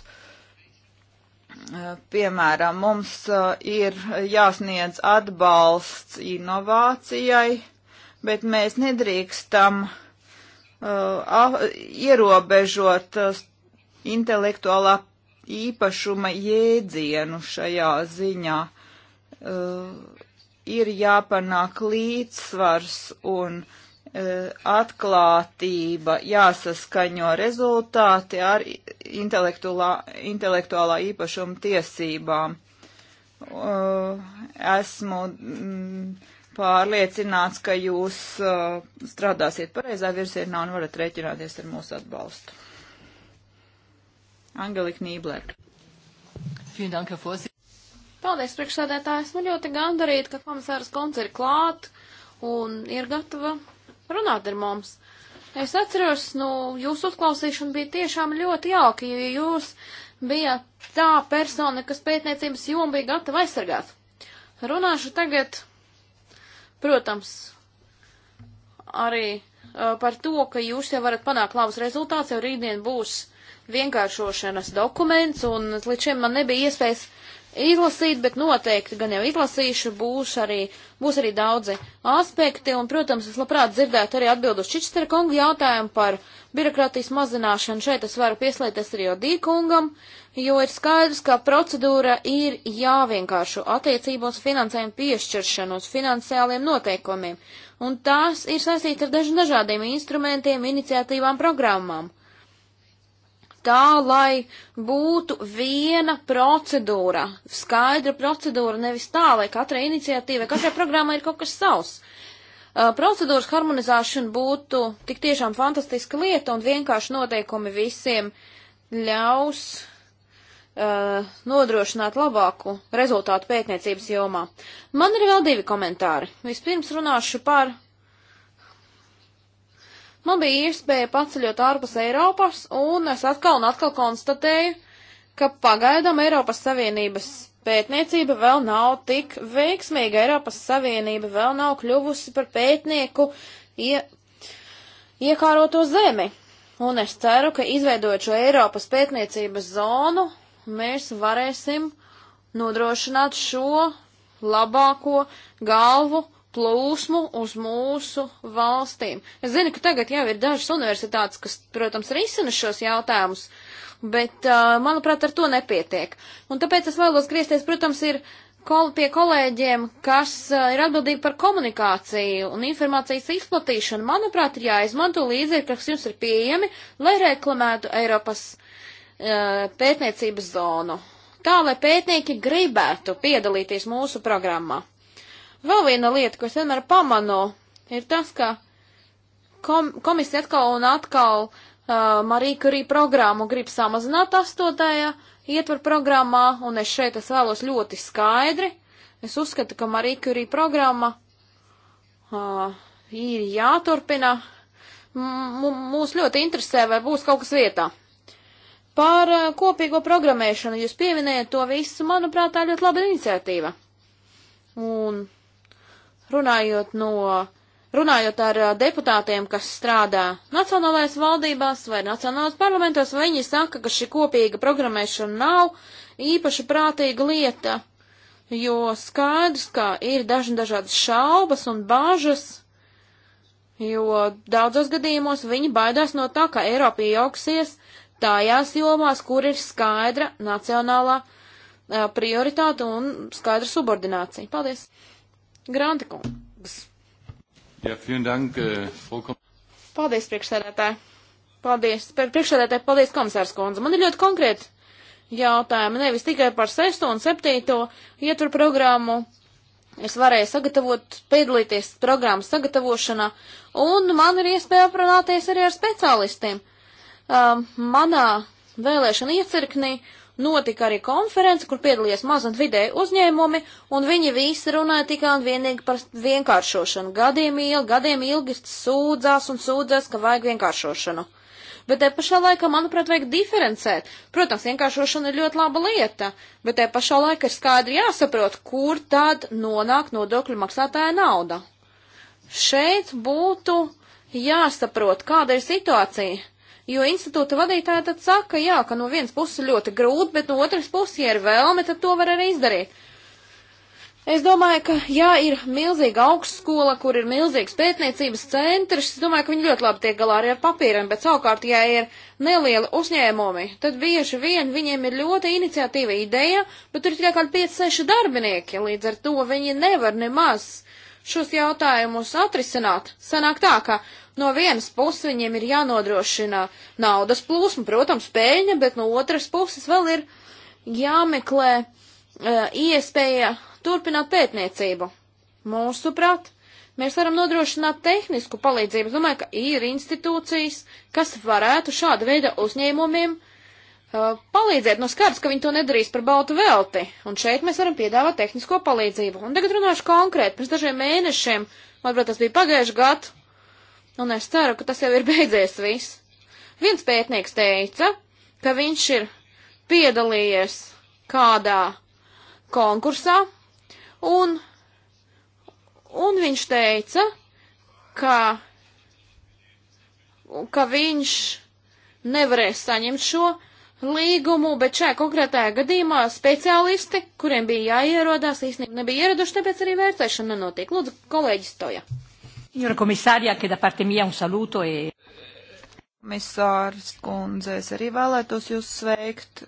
Uh, piemēram, mums ir jāsniedz atbalsts inovācijai, bet mēs nedrīkstam uh, ierobežot intelektuālā īpašuma jēdzienu šajā ziņā. Uh, ir jāpanāk līdzsvars un e, atklātība, jāsaskaņo rezultāti ar intelektuālā, intelektuālā īpašuma tiesībām. Esmu mm, pārliecināts, ka jūs e, strādāsiet pareizā virzienā un varat rēķināties ar mūsu atbalstu. Angelika Nībler. Paldies, priekšsēdētāji. Esmu ļoti gandarīta, ka komisārs Konts ir klāt un ir gatava runāt ar mums. Es atceros, nu, jūsu uzklausīšana bija tiešām ļoti jauki, jo jūs bijāt tā persona, kas pētniecības jomu bija gatava aizsargāt. Runāšu tagad, protams, arī uh, par to, ka jūs jau varat panākt labus rezultātus, jo rītdien būs vienkāršošanas dokuments, un līdz šim man nebija iespējas izlasīt, bet noteikti gan jau izlasīšu, būs arī, būs arī daudzi aspekti, un, protams, es labprāt dzirdētu arī atbildus Čičstera kungu jautājumu par birokrātijas mazināšanu. Šeit es varu pieslēgties arī Odī kungam, jo ir skaidrs, ka procedūra ir jāvienkāršo attiecībos finansējumu piešķiršanu uz finansiāliem noteikumiem, un tās ir saistīta ar dažādiem instrumentiem, iniciatīvām, programmām tā, lai būtu viena procedūra, skaidra procedūra, nevis tā, lai katrai iniciatīvai, katrai programmai ir kaut kas savs. Uh, procedūras harmonizēšana būtu tik tiešām fantastiska lieta un vienkārši noteikumi visiem ļaus uh, nodrošināt labāku rezultātu pētniecības jomā. Man ir vēl divi komentāri. Vispirms runāšu par Man bija iespēja paceļot ārpus Eiropas, un es atkal un atkal konstatēju, ka pagaidām Eiropas Savienības pētniecība vēl nav tik veiksmīga. Eiropas Savienība vēl nav kļuvusi par pētnieku ie, iekāroto zemi. Un es ceru, ka izveidojot šo Eiropas pētniecības zonu, mēs varēsim nodrošināt šo labāko galvu plūsmu uz mūsu valstīm. Es zinu, ka tagad jau ir dažas universitātes, kas, protams, risina šos jautājumus, bet, uh, manuprāt, ar to nepietiek. Un tāpēc es vēlos griezties, protams, ir kol pie kolēģiem, kas uh, ir atbildīgi par komunikāciju un informācijas izplatīšanu. Manuprāt, ir jāizmanto līdzekļi, kas jums ir pieejami, lai reklamētu Eiropas uh, pētniecības zonu. Tā, lai pētnieki gribētu piedalīties mūsu programmā. Vēl viena lieta, ko es vienmēr pamanu, ir tas, ka kom komisija atkal un atkal uh, Marija Kurī programmu grib samazināt astotajā ietver programmā, un es šeit es vēlos ļoti skaidri. Es uzskatu, ka Marija Kurī programma uh, ir jāturpina. M mūs ļoti interesē, vai būs kaut kas vietā. Par uh, kopīgo programmēšanu jūs pieminējat to visu, manuprāt, tā ļoti laba iniciatīva. Un runājot no, runājot ar uh, deputātiem, kas strādā nacionālais valdībās vai nacionālais parlamentos, viņi saka, ka šī kopīga programmēšana nav īpaši prātīga lieta, jo skaidrs, ka ir daži dažādas šaubas un bāžas, jo daudzos gadījumos viņi baidās no tā, ka Eiropa iejauksies tajās jomās, kur ir skaidra nacionālā uh, prioritāte un skaidra subordinācija. Paldies! Granta kungs. Jā, ja, vielen dank, äh, Frau Kom... Paldies, priekšsēdētāji. Paldies, priekšsēdētāji, paldies, komisārs kundze. Man ir ļoti konkrēti jautājumi, nevis tikai par 6. un 7. ietvaru programmu. Es varēju sagatavot, piedalīties programmas sagatavošanā, un man ir iespēja aprunāties arī ar speciālistiem. Um, manā vēlēšana iecirknī uh, notika arī konference, kur piedalījās maz un vidēji uzņēmumi, un viņi visi runāja tikai un vienīgi par vienkāršošanu. Gadiem ilgi, gadiem ilgi sūdzās un sūdzās, ka vajag vienkāršošanu. Bet te pašā laikā, manuprāt, vajag diferencēt. Protams, vienkāršošana ir ļoti laba lieta, bet te pašā laikā ir skaidri jāsaprot, kur tad nonāk nodokļu maksātāja nauda. Šeit būtu jāsaprot, kāda ir situācija Jo institūta vadītāja tad saka, jā, ka no vienas puses ļoti grūti, bet no otras puses, ja ir vēlme, tad to var arī izdarīt. Es domāju, ka, ja ir milzīga augstskola, kur ir milzīgs pētniecības centrs, es domāju, ka viņi ļoti labi tiek galā arī ar papīriem, bet savukārt, ja ir nelieli uzņēmumi, tad bieži vien viņiem ir ļoti iniciatīva ideja, bet tur ir tikai kādi 5-6 darbinieki, līdz ar to viņi nevar nemaz šos jautājumus atrisināt. Sanāk tā, ka no vienas puses viņiem ir jānodrošina naudas plūsma, protams, pēļņa, bet no otras puses vēl ir jāmeklē uh, iespēja turpināt pētniecību. Mūsuprāt, mēs varam nodrošināt tehnisku palīdzību. Es domāju, ka ir institūcijas, kas varētu šāda veida uzņēmumiem uh, Uh, palīdzēt. No skaidrs, ka viņi to nedarīs par baltu velti. Un šeit mēs varam piedāvāt tehnisko palīdzību. Un tagad runāšu konkrēti. Pirms dažiem mēnešiem, manuprāt, tas bija pagājuši gadu, un es ceru, ka tas jau ir beidzies viss. Viens pētnieks teica, ka viņš ir piedalījies kādā konkursā, un, un viņš teica, ka, ka viņš nevarēs saņemt šo līgumu, bet šajā konkrētajā gadījumā speciālisti, kuriem bija jāierodās, īstenībā nebija ieraduši, tāpēc arī vērtēšana nenotiek. Lūdzu, kolēģis Toja. Jūra komisārija, ka da parte mia un saluto. E... Komisārs kundze, es arī vēlētos jūs sveikt.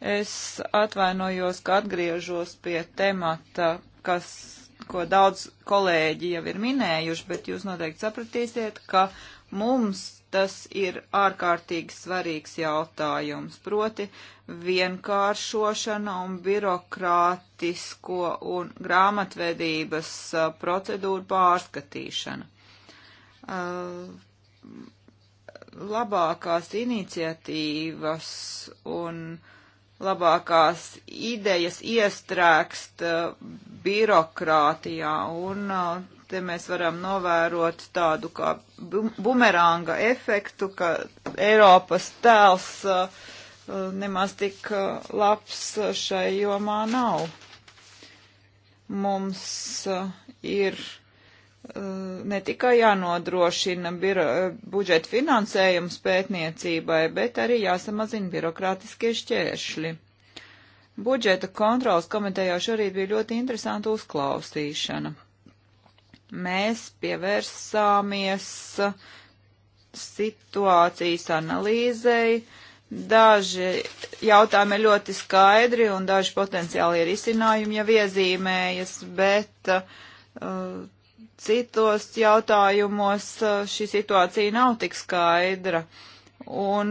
Es atvainojos, ka atgriežos pie temata, kas, ko daudz kolēģi jau ir minējuši, bet jūs noteikti sapratīsiet, ka Mums tas ir ārkārtīgi svarīgs jautājums, proti vienkāršošana un birokrātisko un grāmatvedības uh, procedūru pārskatīšana. Uh, labākās iniciatīvas un labākās idejas iestrēgst uh, birokrātijā un te mēs varam novērot tādu kā bumeranga efektu, ka Eiropas tēls uh, uh, nemaz tik uh, labs šai jomā nav. Mums ir ne tikai jānodrošina budžeta finansējums pētniecībai, bet arī jāsamazina birokrātiskie šķēršļi. Budžeta kontrolas komitejā šorīt bija ļoti interesanta uzklausīšana mēs pievērsāmies situācijas analīzei. Daži jautājumi ir ļoti skaidri un daži potenciāli ir izcinājumi jau iezīmējas, bet uh, citos jautājumos uh, šī situācija nav tik skaidra. Un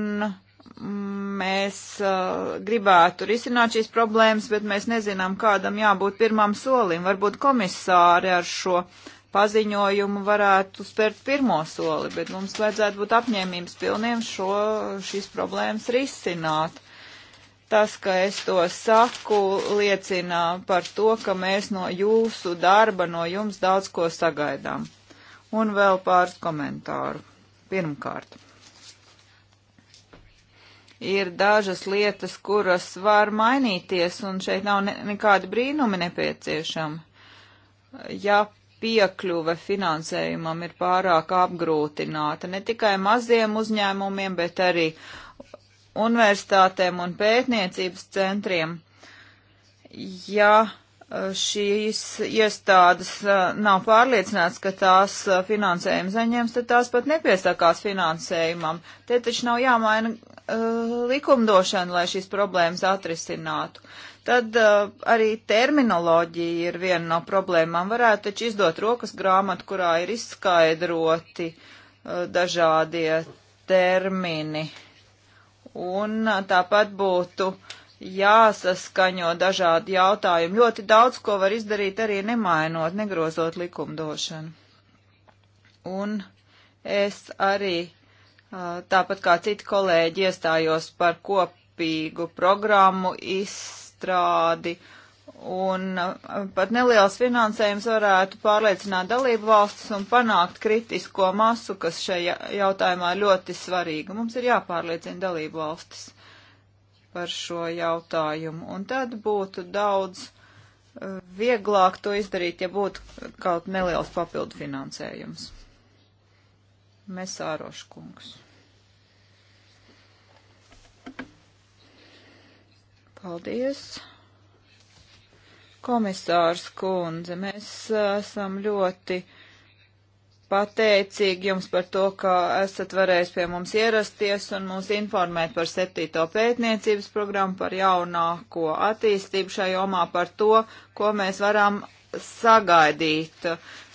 mēs uh, gribētu risināt šīs problēmas, bet mēs nezinām, kādam jābūt pirmam solim. Varbūt komisāri ar šo uh, paziņojumu varētu spērt pirmo soli, bet mums vajadzētu būt apņēmības pilniem šo, šīs problēmas risināt. Tas, ka es to saku, liecina par to, ka mēs no jūsu darba, no jums daudz ko sagaidām. Un vēl pāris komentāru. Pirmkārt ir dažas lietas, kuras var mainīties, un šeit nav ne, nekādi brīnumi nepieciešami. Ja piekļuve finansējumam ir pārāk apgrūtināta ne tikai maziem uzņēmumiem, bet arī universitātēm un pētniecības centriem. Ja e, šīs iestādes e, nav pārliecināts, ka tās e, finansējums saņems, tad tās pat nepiesakās finansējumam. Te taču nav jāmaina uh, likumdošana, lai šīs problēmas atrisinātu. Tad uh, arī terminoloģija ir viena no problēmām. Varētu taču izdot rokas grāmatu, kurā ir izskaidroti uh, dažādie termini. Un uh, tāpat būtu jāsaskaņo dažādi jautājumi. Ļoti daudz ko var izdarīt arī nemainot, negrozot likumdošanu. Un es arī, uh, tāpat kā citi kolēģi, iestājos par kopīgu programmu izskaidrojumu izstrādi. Un uh, pat neliels finansējums varētu pārliecināt dalību valstis un panākt kritisko masu, kas šajā jautājumā ļoti svarīga. Mums ir jāpārliecina dalību valstis par šo jautājumu. Un tad būtu daudz uh, vieglāk to izdarīt, ja būtu kaut neliels papildu finansējums. Mēs ārošu kungs. Paldies. Komisārs kundze, mēs uh, esam ļoti pateicīgi jums par to, ka esat varējis pie mums ierasties un mūs informēt par septīto pētniecības programmu, par jaunāko attīstību šajā jomā, par to, ko mēs varam sagaidīt.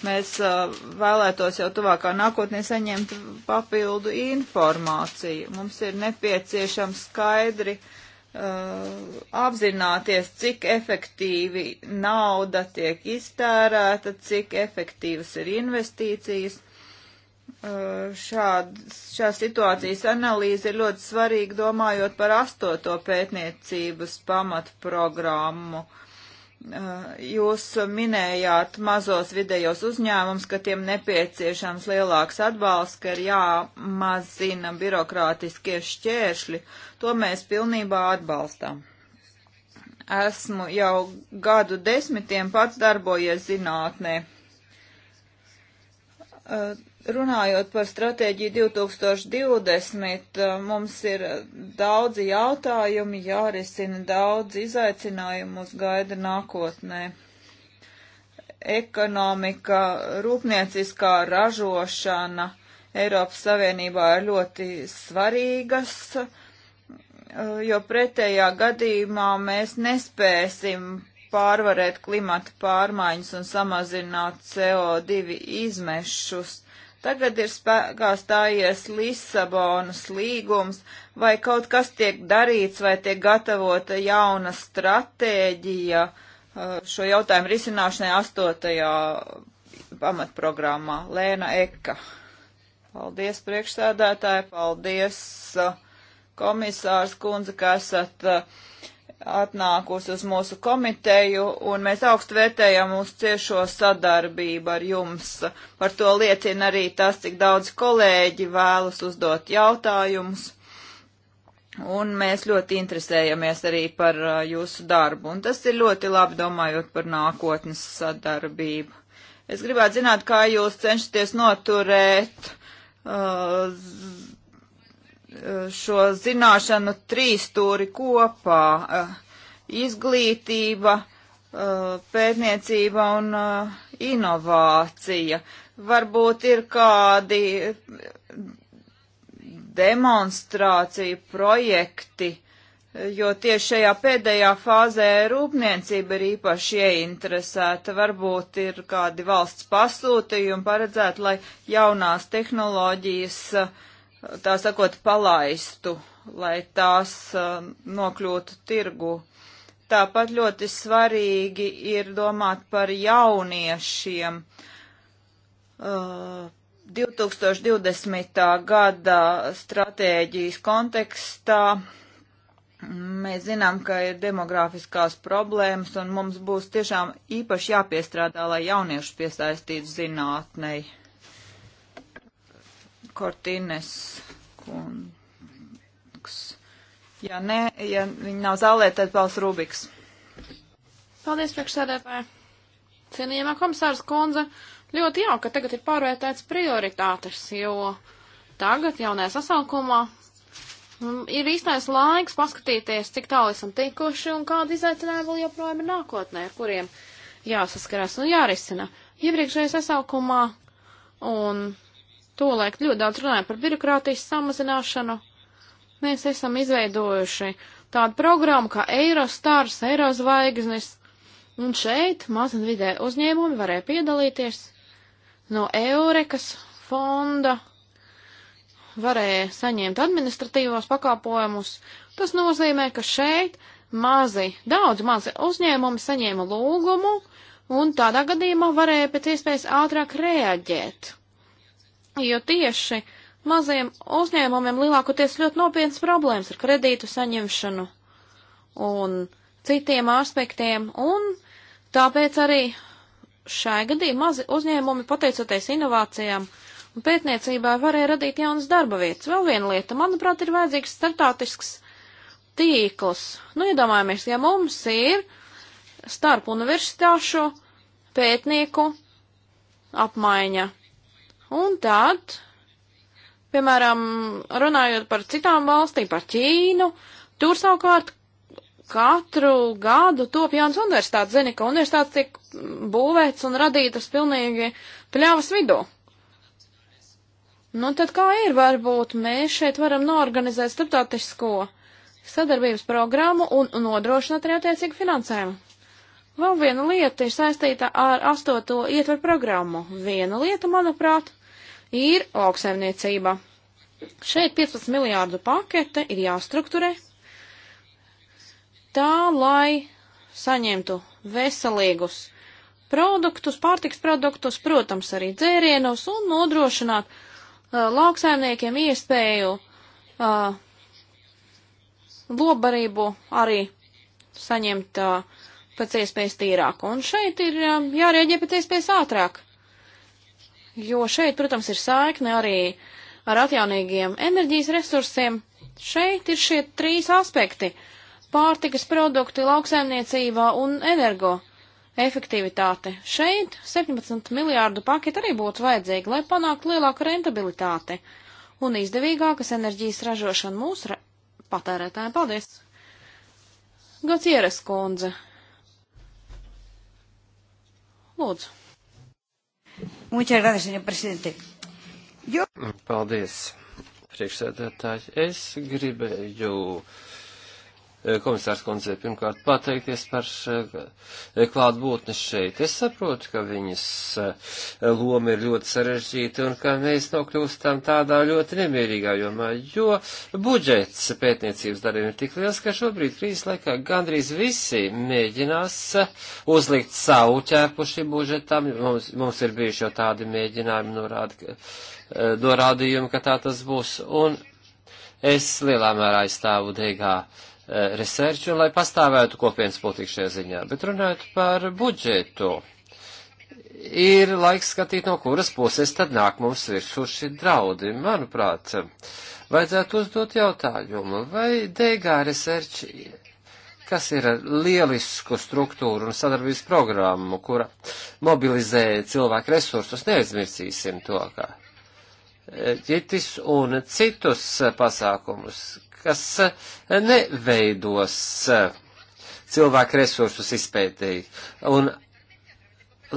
Mēs uh, vēlētos jau tuvākā nākotnē saņemt papildu informāciju. Mums ir nepieciešams skaidri uh, Uh, apzināties, cik efektīvi nauda tiek iztērēta, cik efektīvas ir investīcijas. Uh, šād, šā situācijas analīze ir ļoti svarīga, domājot par astoto pētniecības pamatprogrammu. programmu Eh, jūs minējāt mazos vidējos uzņēmums, ka tiem nepieciešams lielāks atbalsts, ka ir jāmazina birokrātiskie šķēršļi. To mēs pilnībā atbalstām. Esmu jau gadu desmitiem pats darbojies zinātnē. Uh, Runājot par stratēģiju 2020, eh, mums ir daudzi jautājumi, jārisina daudz izaicinājumu uz gaida nākotnē. Ekonomika, rūpnieciskā ražošana Eiropas Savienībā ir ļoti svarīgas, eh, jo pretējā gadījumā mēs nespēsim pārvarēt klimata pārmaiņas un samazināt CO2 izmešus Tagad ir spēkā stājies Lisabonas līgums, vai kaut kas tiek darīts, vai tiek gatavota jauna stratēģija uh, šo jautājumu risināšanai astotajā pamatprogrammā. Lēna Eka. Paldies, priekšsēdētāji, paldies, uh, komisārs kundze, ka esat uh, atnākusi uz mūsu komiteju, un mēs augstu vērtējam mūsu ciešo sadarbību ar jums. Par to liecina arī tas, cik daudz kolēģi vēlas uzdot jautājumus, un mēs ļoti interesējamies arī par uh, jūsu darbu, un tas ir ļoti labi domājot par nākotnes sadarbību. Es gribētu zināt, kā jūs cenšaties noturēt uh, Eh, šo zināšanu trīs stūri kopā eh, - izglītība, eh, pētniecība un inovācija. Varbūt ir kādi demonstrāciju projekti, jo tieši šajā pēdējā fāzē rūpniecība ir īpaši ieinteresēta. Varbūt ir kādi valsts pasūtījumi paredzēti, lai jaunās tehnoloģijas uh, tā sakot, palaistu, lai tās uh, nokļūtu tirgu. Tāpat ļoti svarīgi ir domāt par jauniešiem. Uh, 2020. gada stratēģijas kontekstā Mēs zinām, ka ir demografiskās problēmas, un mums būs tiešām īpaši jāpiestrādā, lai jauniešus piesaistītu zinātnei. Kortīnes kungs. Ja nē, ja viņi nav zālē, tad Pāls Rubiks. Paldies, priekšsēdētāji. Cienījamā komisārs kundze, ļoti jauka, ka tagad ir pārvērtēts prioritātes, jo tagad jaunajā sasaukumā mm, ir īstais laiks paskatīties, cik tālu esam tikuši un kādi izaicinājumi vēl joprojām ir nākotnē, ar kuriem jāsaskarās un jārisina. Iepriekšējā sasaukumā un Tolaik ļoti daudz runāja par birokrātijas samazināšanu. Mēs esam izveidojuši tādu programmu kā Eirostars, Eirozvaigznes, un šeit maz un vidē uzņēmumi varēja piedalīties no Eurekas fonda, varēja saņemt administratīvos pakāpojumus. Tas nozīmē, ka šeit mazi, daudz mazi uzņēmumi saņēma lūgumu, un tādā gadījumā varēja pēc iespējas ātrāk reaģēt jo tieši maziem uzņēmumiem lielākoties ļoti nopietnas problēmas ar kredītu saņemšanu un citiem aspektiem, un tāpēc arī šai gadījumā mazi uzņēmumi, pateicoties inovācijām un pētniecībai, varēja radīt jaunas darba vietas. Vēl viena lieta, manuprāt, ir vajadzīgs startautisks tīkls. Nu, iedomājamies, ja mums ir starp universitāšu pētnieku apmaiņa. Un tad, piemēram, runājot par citām valstīm, par Ķīnu, tur savukārt katru gadu top jauns universitātes. Zini, ka universitātes tiek būvēts un radītas pilnīgi pļāvas vidū. Nu, tad kā ir, varbūt mēs šeit varam norganizēt starptautisko sadarbības programmu un nodrošināt arī attiecīgu finansējumu. Vēl viena lieta ir saistīta ar astoto ietver programmu. Viena lieta, manuprāt, ir lauksaimniecība. Šeit 15 miljārdu pakete ir jāstrukturē tā, lai saņemtu veselīgus produktus, pārtiks produktus, protams, arī dzērienus un nodrošināt uh, lauksaimniekiem iespēju uh, lobarību arī saņemt uh, pēc iespējas tīrāk. Un šeit ir uh, jārēģē pēc iespējas ātrāk jo šeit, protams, ir saikne arī ar atjaunīgiem enerģijas resursiem. Šeit ir šie trīs aspekti - pārtikas produkti, lauksaimniecība un energo efektivitāte. Šeit 17 miljārdu paketi arī būtu vajadzīgi, lai panāktu lielāku rentabilitāti un izdevīgākas enerģijas ražošanu mūsu ra patērētājiem. Paldies! Gacieres kundze. Lūdzu. Muchas gracias, señor presidente. Jo... Paldies, priekšsēdētāji. Es gribēju Eh, komisārs kundze pirmkārt pateikties par eh, klātbūtni šeit. Es saprotu, ka viņas eh, loma ir ļoti sarežģīta un ka mēs nokļūstam tādā ļoti nemierīgā jomā, jo budžets pētniecības darbiem ir tik liels, ka šobrīd krīzes laikā gandrīz visi mēģinās uzlikt savu ķērpu šim budžetam. Mums, mums ir bijuši jau tādi mēģinājumi norādi, norādījumi, ka tā tas būs. Un es lielā mērā aizstāvu degā Eh, research un lai pastāvētu kopienas politika šajā ziņā. Bet runājot par budžetu, ir laiks skatīt, no kuras puses tad nāk mums virsū šī draudi. Manuprāt, vajadzētu uzdot jautājumu, vai DG research, kas ir lielisku struktūru un sadarbības programmu, kura mobilizē cilvēku resursus, neaizmirsīsim to, kā eh, ķitis un citus eh, pasākumus, kas neveidos cilvēku resursus izpētēji. Un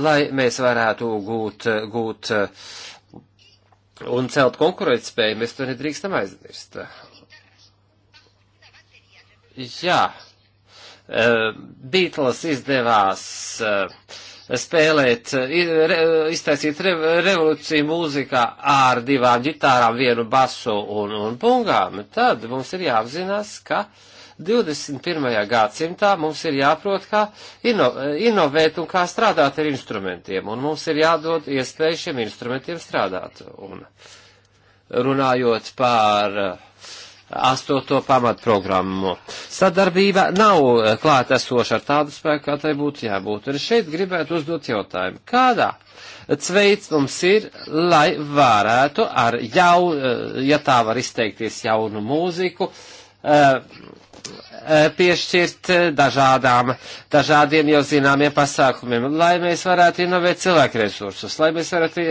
lai mēs varētu gūt, gūt un celt konkurētspēju, mēs to nedrīkstam aizmirst. Jā, Beatles izdevās uh, spēlēt, iztaisīt revolūciju mūzikā ar divām ģitārām, vienu basu un, un bungām, tad mums ir jāapzinās, ka 21. gadsimtā mums ir jāprot, kā ino, inovēt un kā strādāt ar instrumentiem, un mums ir jādod iespēju šiem instrumentiem strādāt. Un runājot par uh, astoto pamatprogrammu. Sadarbība nav eh, klātesoša ar tādu spēku, kā tai būtu jābūt. Un šeit gribētu uzdot jautājumu, kādā veids mums ir, lai varētu ar jau, eh, ja tā var izteikties, jaunu mūziku, eh, piešķirt dažādām, dažādiem jau zināmiem pasākumiem, lai mēs varētu inovēt cilvēku resursus, lai mēs varētu,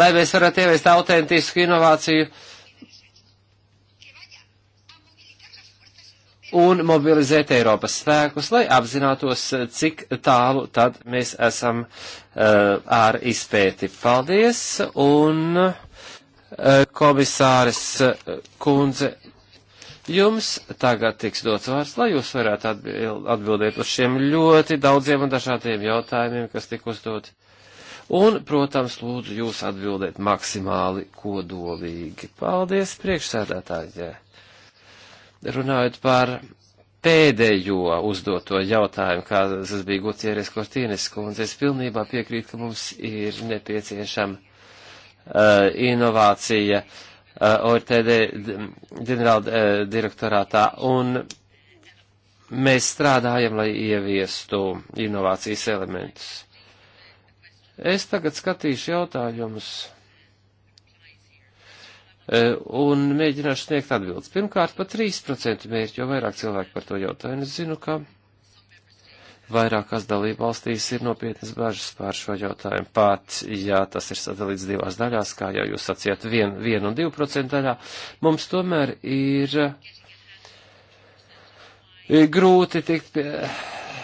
lai mēs varētu ievest autentisku inovāciju uh, un mobilizēt Eiropas spēkus, lai apzinātos, cik tālu tad mēs esam uh, ar izpēti. Paldies, un uh, komisāres uh, kundze, jums tagad tiks dots vārds, lai jūs varētu atbild, atbildēt uz šiem ļoti daudziem un dažādiem jautājumiem, kas tik uzdot. Un, protams, lūdzu jūs atbildēt maksimāli kodolīgi. Paldies, priekšsēdētāji! runājot par pēdējo uzdoto jautājumu, kā tas bija Gutieres Kortīnes kundze, es pilnībā piekrītu, ka mums ir nepieciešama uh, inovācija uh, ORTD ģenerāla uh, direktorātā, un mēs strādājam, lai ieviestu inovācijas elementus. Es tagad skatīšu jautājumus E, un mēģināšu sniegt atbildes. Pirmkārt, pa 3% mērķi, jo vairāk cilvēki par to jautāju, un es zinu, ka vairākās dalība valstīs ir nopietnas bažas pār šo jautājumu. Pat, ja tas ir sadalīts divās daļās, kā jau jūs sacījāt, 1 un 2% daļā, mums tomēr ir grūti tikt pie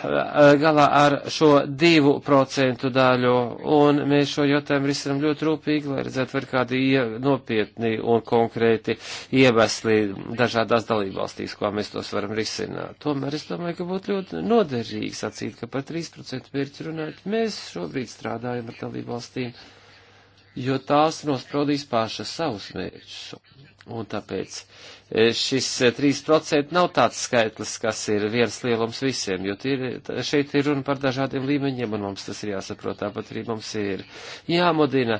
Eh, galā ar šo divu procentu daļu, un mēs šo jautājumu risinam ļoti rūpīgi, lai redzētu, var kādi nopietni un konkrēti iemesli dažādās dalībvalstīs, kā mēs tos varam risināt. Tomēr es domāju, ka būtu ļoti noderīgi sacīt, ka par 3% mērķi runājot, mēs šobrīd strādājam ar dalībvalstīm, jo tās nospraudīs pašas savus mērķus. Un tāpēc E, šis 3% e, nav tāds skaitlis, kas ir viens lielums visiem, jo ir, šeit ir runa par dažādiem līmeņiem, un mums tas ir jāsaprot, tāpat arī mums ir jāmodina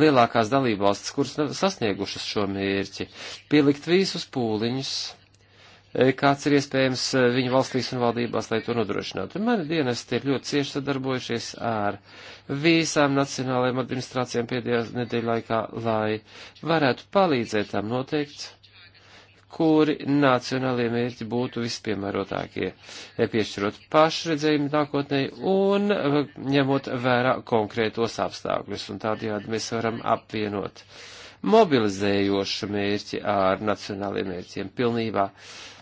lielākās dalībvalstis, kuras sasniegušas šo mērķi, pielikt visus pūliņus, e, kāds ir iespējams viņu valstīs un valdībās, lai to nodrošinātu. Mani dienesti ir ļoti cieši sadarbojušies ar visām nacionālajām administrācijām pēdējā nedēļa laikā, lai varētu palīdzēt tam noteikt kuri nacionālie mērķi būtu vispiemērotākie, e, piešķirot pašredzējumu nākotnē un e, ņemot vērā konkrētos apstākļus, un tādējādi mēs varam apvienot mobilizējošu mērķi ar nacionāliem mērķiem pilnībā. Uh,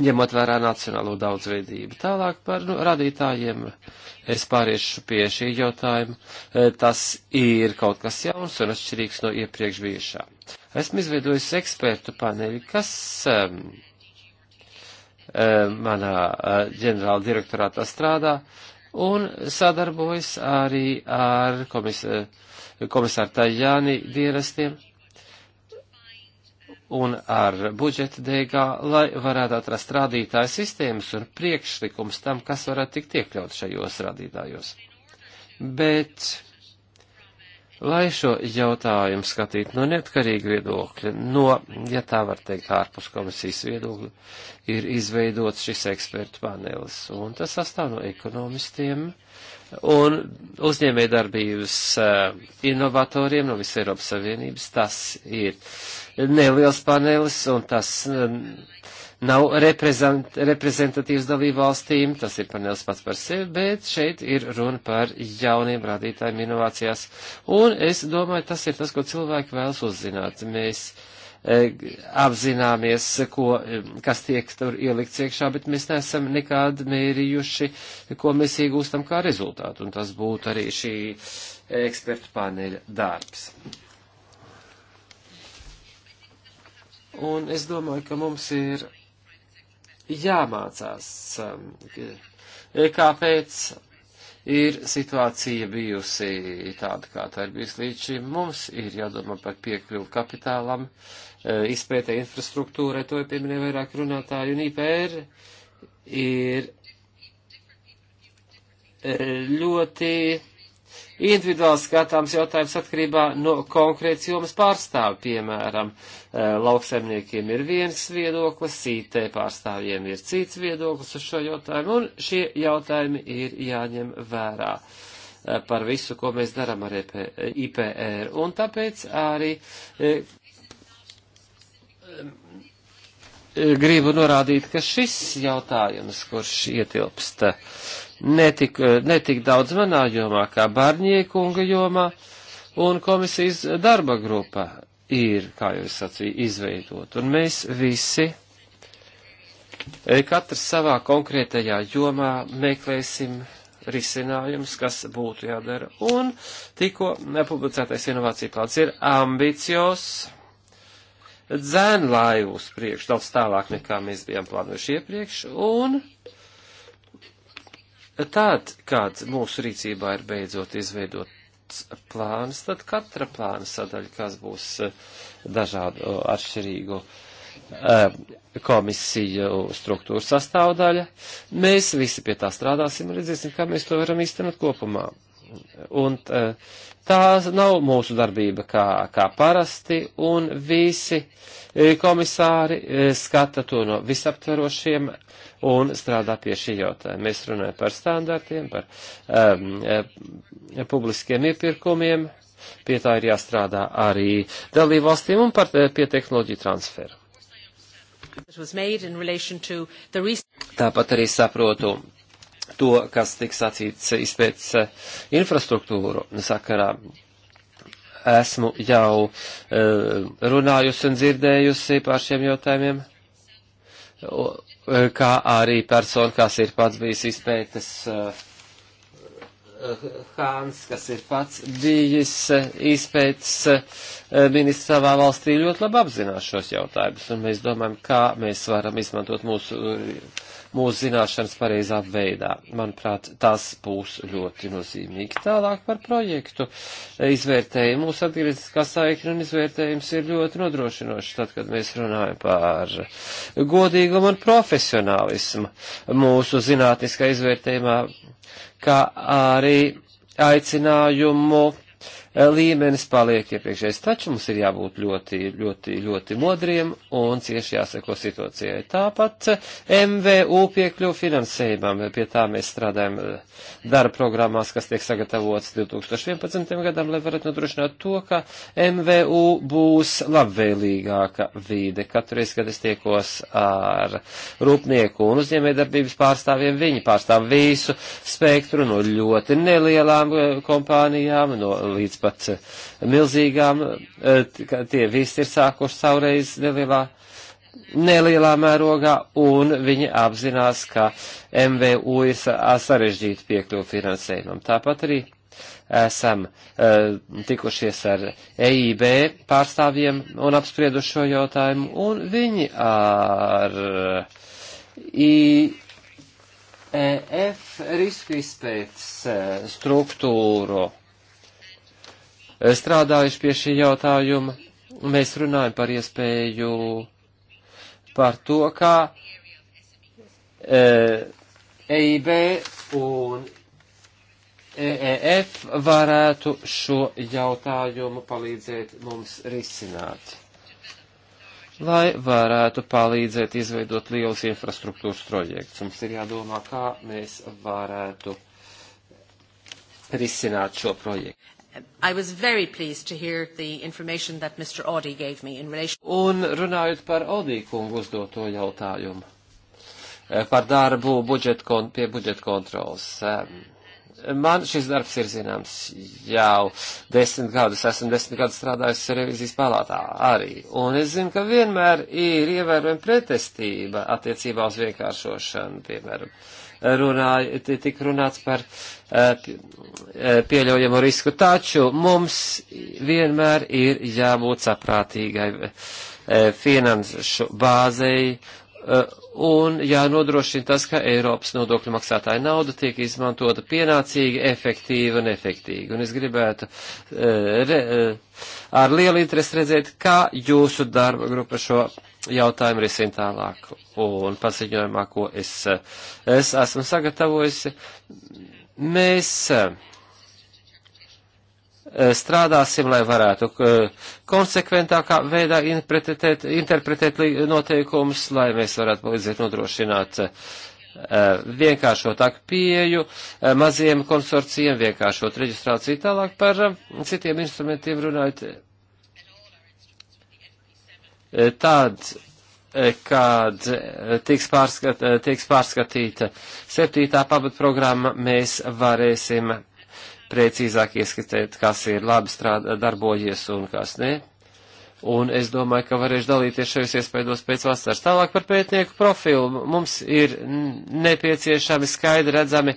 ņemot vērā nacionālo daudzveidību. Tālāk par nu, radītājiem es pāriešu pie šī jautājuma. E, tas ir kaut kas jauns un atšķirīgs no iepriekš bijušā. Esmu izveidojis ekspertu paneļu, kas um, manā e, ģenerāla direktorātā strādā un sadarbojas arī ar komis komisāru Tajāni dienestiem un ar budžeta dēgā, lai varētu atrast rādītāju sistēmas un priekšlikums tam, kas varētu tikt iekļaut šajos rādītājos. Bet, lai šo jautājumu skatītu no neatkarīga viedokļa, no, ja tā var teikt, ārpus komisijas viedokļa, ir izveidots šis ekspertu panelis, un tas sastāv no ekonomistiem, un uzņēmējdarbības uh, inovatoriem no visas Eiropas Savienības. Tas ir neliels panelis, un tas um, nav reprezent, reprezentatīvs dalību valstīm, tas ir panelis pats par sevi, bet šeit ir runa par jauniem rādītājiem inovācijās. Un es domāju, tas ir tas, ko cilvēki vēlas uzzināt. Mēs e, apzināmies, ko, e, kas tiek tur ielikts iekšā, bet mēs neesam nekād mērījuši, ko mēs iegūstam kā rezultātu, un tas būtu arī šī ekspertu paneļa darbs. Un es domāju, ka mums ir jāmācās, um, kāpēc ir situācija bijusi tāda, kā tā ir bijusi līdz šim. Mums ir jādomā par piekļuvu kapitālam, e, izpētē infrastruktūrai, to jau pieminēja vairāk runātāji, un IPR ir e, ļoti individuāli skatāms jautājums atkarībā no konkrēts jomas pārstāvja. Piemēram, eh, lauksaimniekiem ir viens viedoklis, IT pārstāvjiem ir cits viedoklis uz šo jautājumu, un šie jautājumi ir jāņem vērā eh, par visu, ko mēs darām ar e eh, IPR. Un tāpēc arī gribu norādīt, ka šis jautājums, kurš ietilpst netik, eh, netik daudz manā jomā, kā Barņiekunga jomā, un komisijas darba grupa ir, kā jau es sacīju, izveidot. Un mēs visi, eh, katrs savā konkrētajā jomā, meklēsim risinājums, kas būtu jādara. Un tikko nepublicētais inovācija plāns ir ambicios dzēnlaivu uz priekšu, daudz tālāk nekā mēs bijām plānojuši iepriekš, un Tād, kāds mūsu rīcībā ir beidzot izveidots plāns, tad katra plāna sadaļa, kas būs eh, dažādu eh, atšķirīgu eh, komisiju struktūru sastāvdaļa, mēs visi pie tā strādāsim un redzēsim, kā mēs to varam īstenot kopumā un eh, tā nav mūsu darbība kā, kā parasti, un visi eh, komisāri eh, skata to no visaptverošiem un strādā pie šī jautājuma. Mēs runājam par standartiem, par um, publiskiem iepirkumiem, pie tā ir jāstrādā arī dalību valstīm un par, pie tehnoloģiju transferu. Tāpat arī saprotu to, kas tiks sacīts izpēc eh, infrastruktūru sakarā. Esmu jau eh, runājusi un dzirdējusi par šiem jautājumiem, eh, kā arī persona, kas ir pats bijis izpētes Hāns, kas ir pats bijis izpētes ministrs savā valstī, ļoti labi apzinās šos jautājumus, un mēs domājam, kā mēs varam izmantot mūsu mūsu zināšanas pareizā veidā. Manuprāt, tas būs ļoti nozīmīgi. Tālāk par projektu izvērtējumu. Mūsu atgrieztiskā saikne un izvērtējums ir ļoti nodrošinoši, tad, kad mēs runājam par godīgumu un profesionālismu mūsu zinātniskā izvērtējumā, kā arī aicinājumu Eh, līmenis paliek iepriekšējais, taču mums ir jābūt ļoti, ļoti, ļoti modriem un cieši jāseko situācijai. Tāpat eh, MVU piekļuvu finansējumam, pie tā mēs strādājam eh, darba programmās, kas tiek sagatavotas 2011. gadam, lai varētu nodrošināt to, ka MVU būs labvēlīgāka vīde. Katreiz, kad es tiekos ar rūpnieku un uzņēmējdarbības pārstāvjiem, viņi pārstāv visu spektru no ļoti nelielām kompānijām, no līdz pat eh, milzīgām, eh, tie visi ir sākuši savreiz nelielā, nelielā mērogā, un viņi apzinās, ka MVU ir sarežģīta piekļuva finansējumam. Tāpat arī esam eh, tikušies ar EIB pārstāvjiem un apsprieduši šo jautājumu, un viņi ar I, EF risku izpētes struktūru strādājuši pie šī jautājuma. Mēs runājam par iespēju par to, kā EIB e un EEF varētu šo jautājumu palīdzēt mums risināt, lai varētu palīdzēt izveidot lielus infrastruktūras projektus. Mums ir jādomā, kā mēs varētu risināt šo projektu. I was very pleased to hear the information that Mr. Audi gave me in relation. Un runājot par Audi kungu uzdoto jautājumu e, par darbu budžet, pie budžeta kontrolas. E, man šis darbs ir zināms jau desmit gadus. Esmu desmit gadus strādājis revizijas palātā arī. Un es zinu, ka vienmēr ir ievērojama pretestība attiecībā uz vienkāršošanu, piemēram. Uh, runāja, tika runāts par eh, eh, pieļaujamo risku, taču mums vienmēr ir jābūt saprātīgai eh, finanšu bāzei un jānodrošina tas, ka Eiropas nodokļu maksātāja nauda tiek izmantota pienācīgi, efektīvi un efektīgi. Un es gribētu re, ar lielu interesi redzēt, kā jūsu darba grupa šo jautājumu risina tālāk. Un paziņojumā, ko es, es esmu sagatavojusi, mēs eh, strādāsim, lai varētu eh, konsekventākā veidā interpretēt, interpretēt noteikumus, lai mēs varētu palīdzēt nodrošināt eh, vienkāršotāku pieju maziem konsorcijiem, vienkāršot reģistrāciju tālāk par citiem instrumentiem runājot Tad, eh, kad eh, tiks, pārskat, eh, tiks pārskatīta septītā pamatprogramma, mēs varēsim precīzāk ieskatīt, kas ir labi strādā, darbojies un kas ne. Un es domāju, ka varēšu dalīties šajos iespējos pēc vasaras. Tālāk par pētnieku profilu. Mums ir nepieciešami skaidri redzami,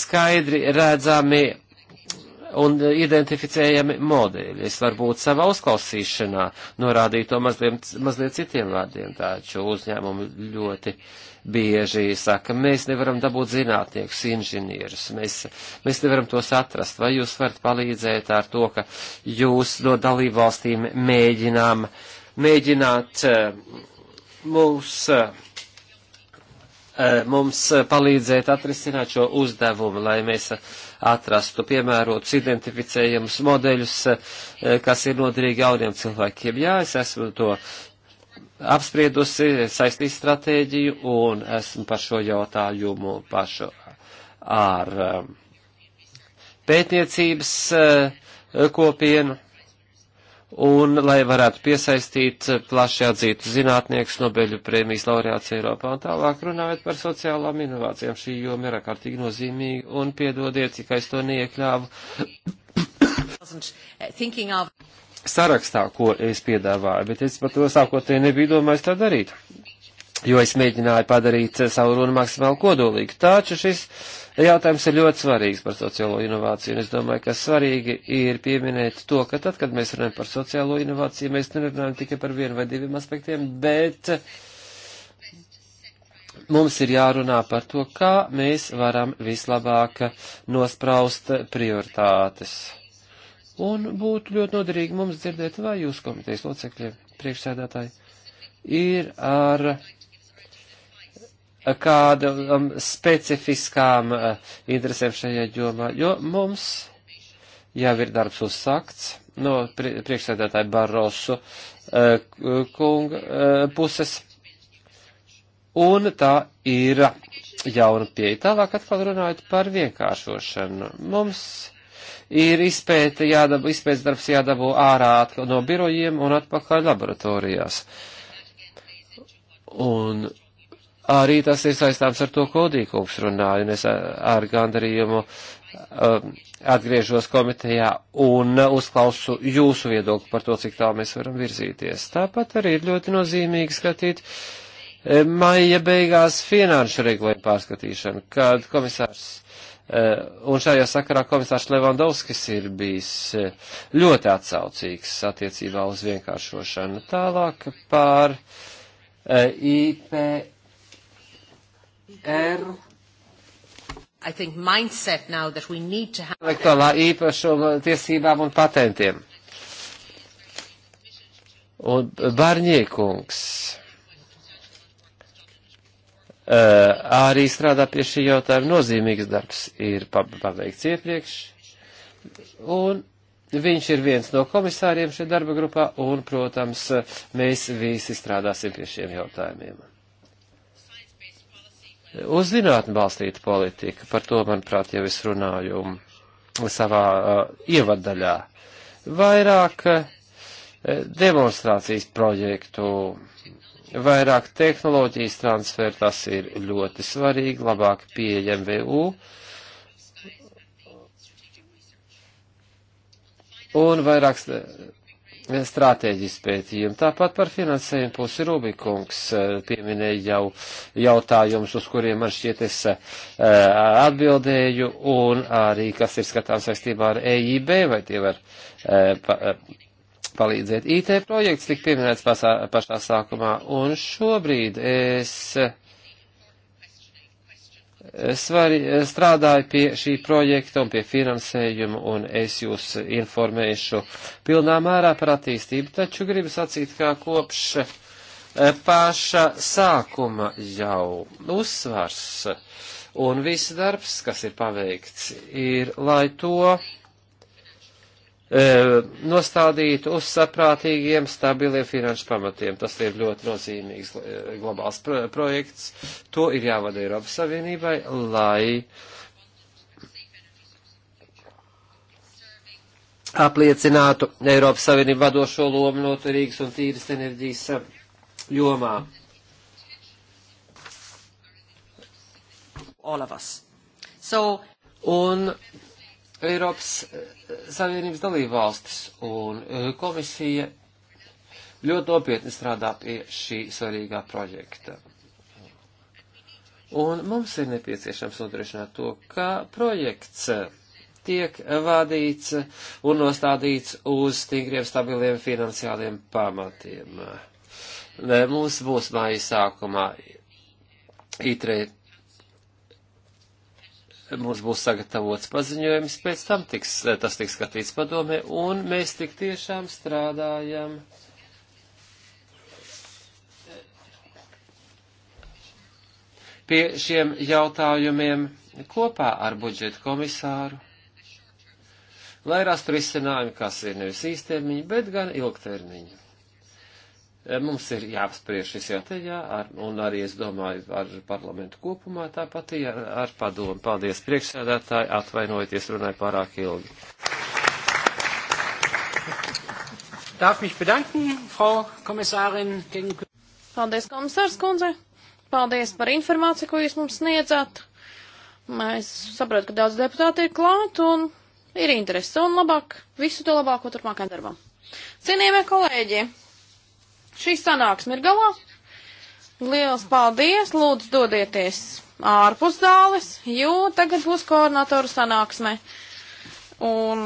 skaidri redzami un identificējami modeļi. Es varbūt savā uzklausīšanā norādīju to mazliet, mazliet citiem vārdiem, taču uzņēmumi ļoti bieži saka, mēs nevaram dabūt zinātniekus, inženierus, mēs, mēs nevaram tos atrast. Vai jūs varat palīdzēt ar to, ka jūs no dalībvalstīm mēģinām, mēģināt eh, mūs eh, mums palīdzēt atrisināt šo uzdevumu, lai mēs uh, atrastu piemērotus, identificējumus modeļus, eh, kas ir noderīgi jauniem cilvēkiem. Jā, es esmu to apspriedusi, saistīju stratēģiju un esmu par šo jautājumu pašu ar eh, pētniecības eh, kopienu un lai varētu piesaistīt plaši atzītu zinātniekus, Nobeļu prēmijas laureāts Eiropā un tālāk runājot par sociālām inovācijām. Šī joma ir ārkārtīgi nozīmīga un piedodiet, cik es to neiekļāvu. Sarakstā, ko es piedāvāju, bet es par to sākotnēji nebiju domājis tā darīt jo es mēģināju padarīt savu runu maksimāli kodolīgu. Taču šis jautājums ir ļoti svarīgs par sociālo inovāciju, un es domāju, ka svarīgi ir pieminēt to, ka tad, kad mēs runājam par sociālo inovāciju, mēs nerunājam tikai par vienu vai diviem aspektiem, bet mums ir jārunā par to, kā mēs varam vislabāk nospraust prioritātes. Un būtu ļoti noderīgi mums dzirdēt, vai jūs komitejas locekļi, priekšsēdētāji, ir ar kādam um, specifiskām uh, interesēm šajā jomā, jo mums jau ir darbs uzsākts no priekšsēdētāja Barrosu uh, kunga uh, puses. Un tā ir jauna pieeja. Tālāk atkal runājot par vienkāršošanu. Mums ir izpēta jādabū, izpētes darbs jādabū ārā no birojiem un atpakaļ laboratorijās. Un arī tas ir saistāms ar to, ko Dīkungs runāja, un es ar gandarījumu um, atgriežos komitejā un uzklausu jūsu viedokli par to, cik tālu mēs varam virzīties. Tāpat arī ir ļoti nozīmīgi skatīt um, maija beigās finanšu regulējumu pārskatīšanu, kad komisārs uh, un šajā sakarā komisārs Levandovskis ir bijis uh, ļoti atsaucīgs attiecībā uz vienkāršošanu. Tālāk par uh, IP R. Intelektuālā have... īpašuma tiesībām un patentiem. Un Barņiekungs uh, arī strādā pie šī jautājuma. Nozīmīgs darbs ir paveikts iepriekš. Un Viņš ir viens no komisāriem šajā darba grupā, un, protams, mēs visi strādāsim pie šiem jautājumiem uz zinātni balstīta politika. Par to, manuprāt, jau es runāju savā uh, ievadaļā. Vairāk uh, demonstrācijas projektu, vairāk tehnoloģijas transfer, tas ir ļoti svarīgi, labāk pieejam VU. Un vairāk st stratēģijas pētījumu. Tāpat par finansējumu pusi Rubikungs eh, pieminēja jau jautājumus, uz kuriem man šķiet es eh, atbildēju, un arī, kas ir skatāms saistībā ar EIB, vai tie var eh, palīdzēt. IT projekts tika pieminēts pašā sākumā, un šobrīd es svar, strādāju pie šī projekta un pie finansējuma, un es jūs informēšu pilnā mērā par attīstību. Taču gribu sacīt, kā kopš e, paša sākuma jau uzsvars un viss darbs, kas ir paveikts, ir, lai to E, nostādīt uz saprātīgiem, stabiliem finanšu pamatiem. Tas ir ļoti nozīmīgs e, globāls projekts. To ir jāvada Eiropas Savienībai, lai apliecinātu Eiropas Savienību vadošo lomu noturīgas un tīras enerģijas e, jomā. All of us. So, un Eiropas eh, Savienības dalībvalstis un eh, komisija ļoti nopietni strādā pie šī svarīgā projekta. Un mums ir nepieciešams nodrošināt to, ka projekts eh, tiek vadīts un nostādīts uz stingriem, stabiliem finansiāliem pamatiem. Mums būs māja sākumā ITRE mums būs sagatavots paziņojums, pēc tam tiks, eh, tas tiks skatīts padomē, un mēs tik tiešām strādājam. Pie šiem jautājumiem kopā ar budžeta komisāru, lai rastu risinājumu, kas ir nevis īstermiņa, bet gan ilgtermiņa. Eh, mums ir jāapspriež šis jautājums, ar, un arī es domāju ar parlamentu kopumā tāpat ar, ar padomu. Paldies priekšsēdētāji, atvainojieties, runāju pārāk ilgi. Darf mich bedanken, Frau Kommissarin. Gegen... Paldies, komisārs kundze. Paldies par informāciju, ko jūs mums sniedzat. Mēs saprotam, ka daudz deputāti ir klāt un ir interesi un labāk, visu to labāko turpmākajam darbam. Cienījamie kolēģi! šī sanāksme ir galā. Liels paldies, lūdzu dodieties ārpus zāles, jo tagad būs koordinatoru sanāksme. Un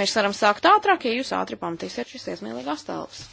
mēs varam sākt ātrāk, ja jūs ātri pamatīsiet šis iesmīlīgās telpas.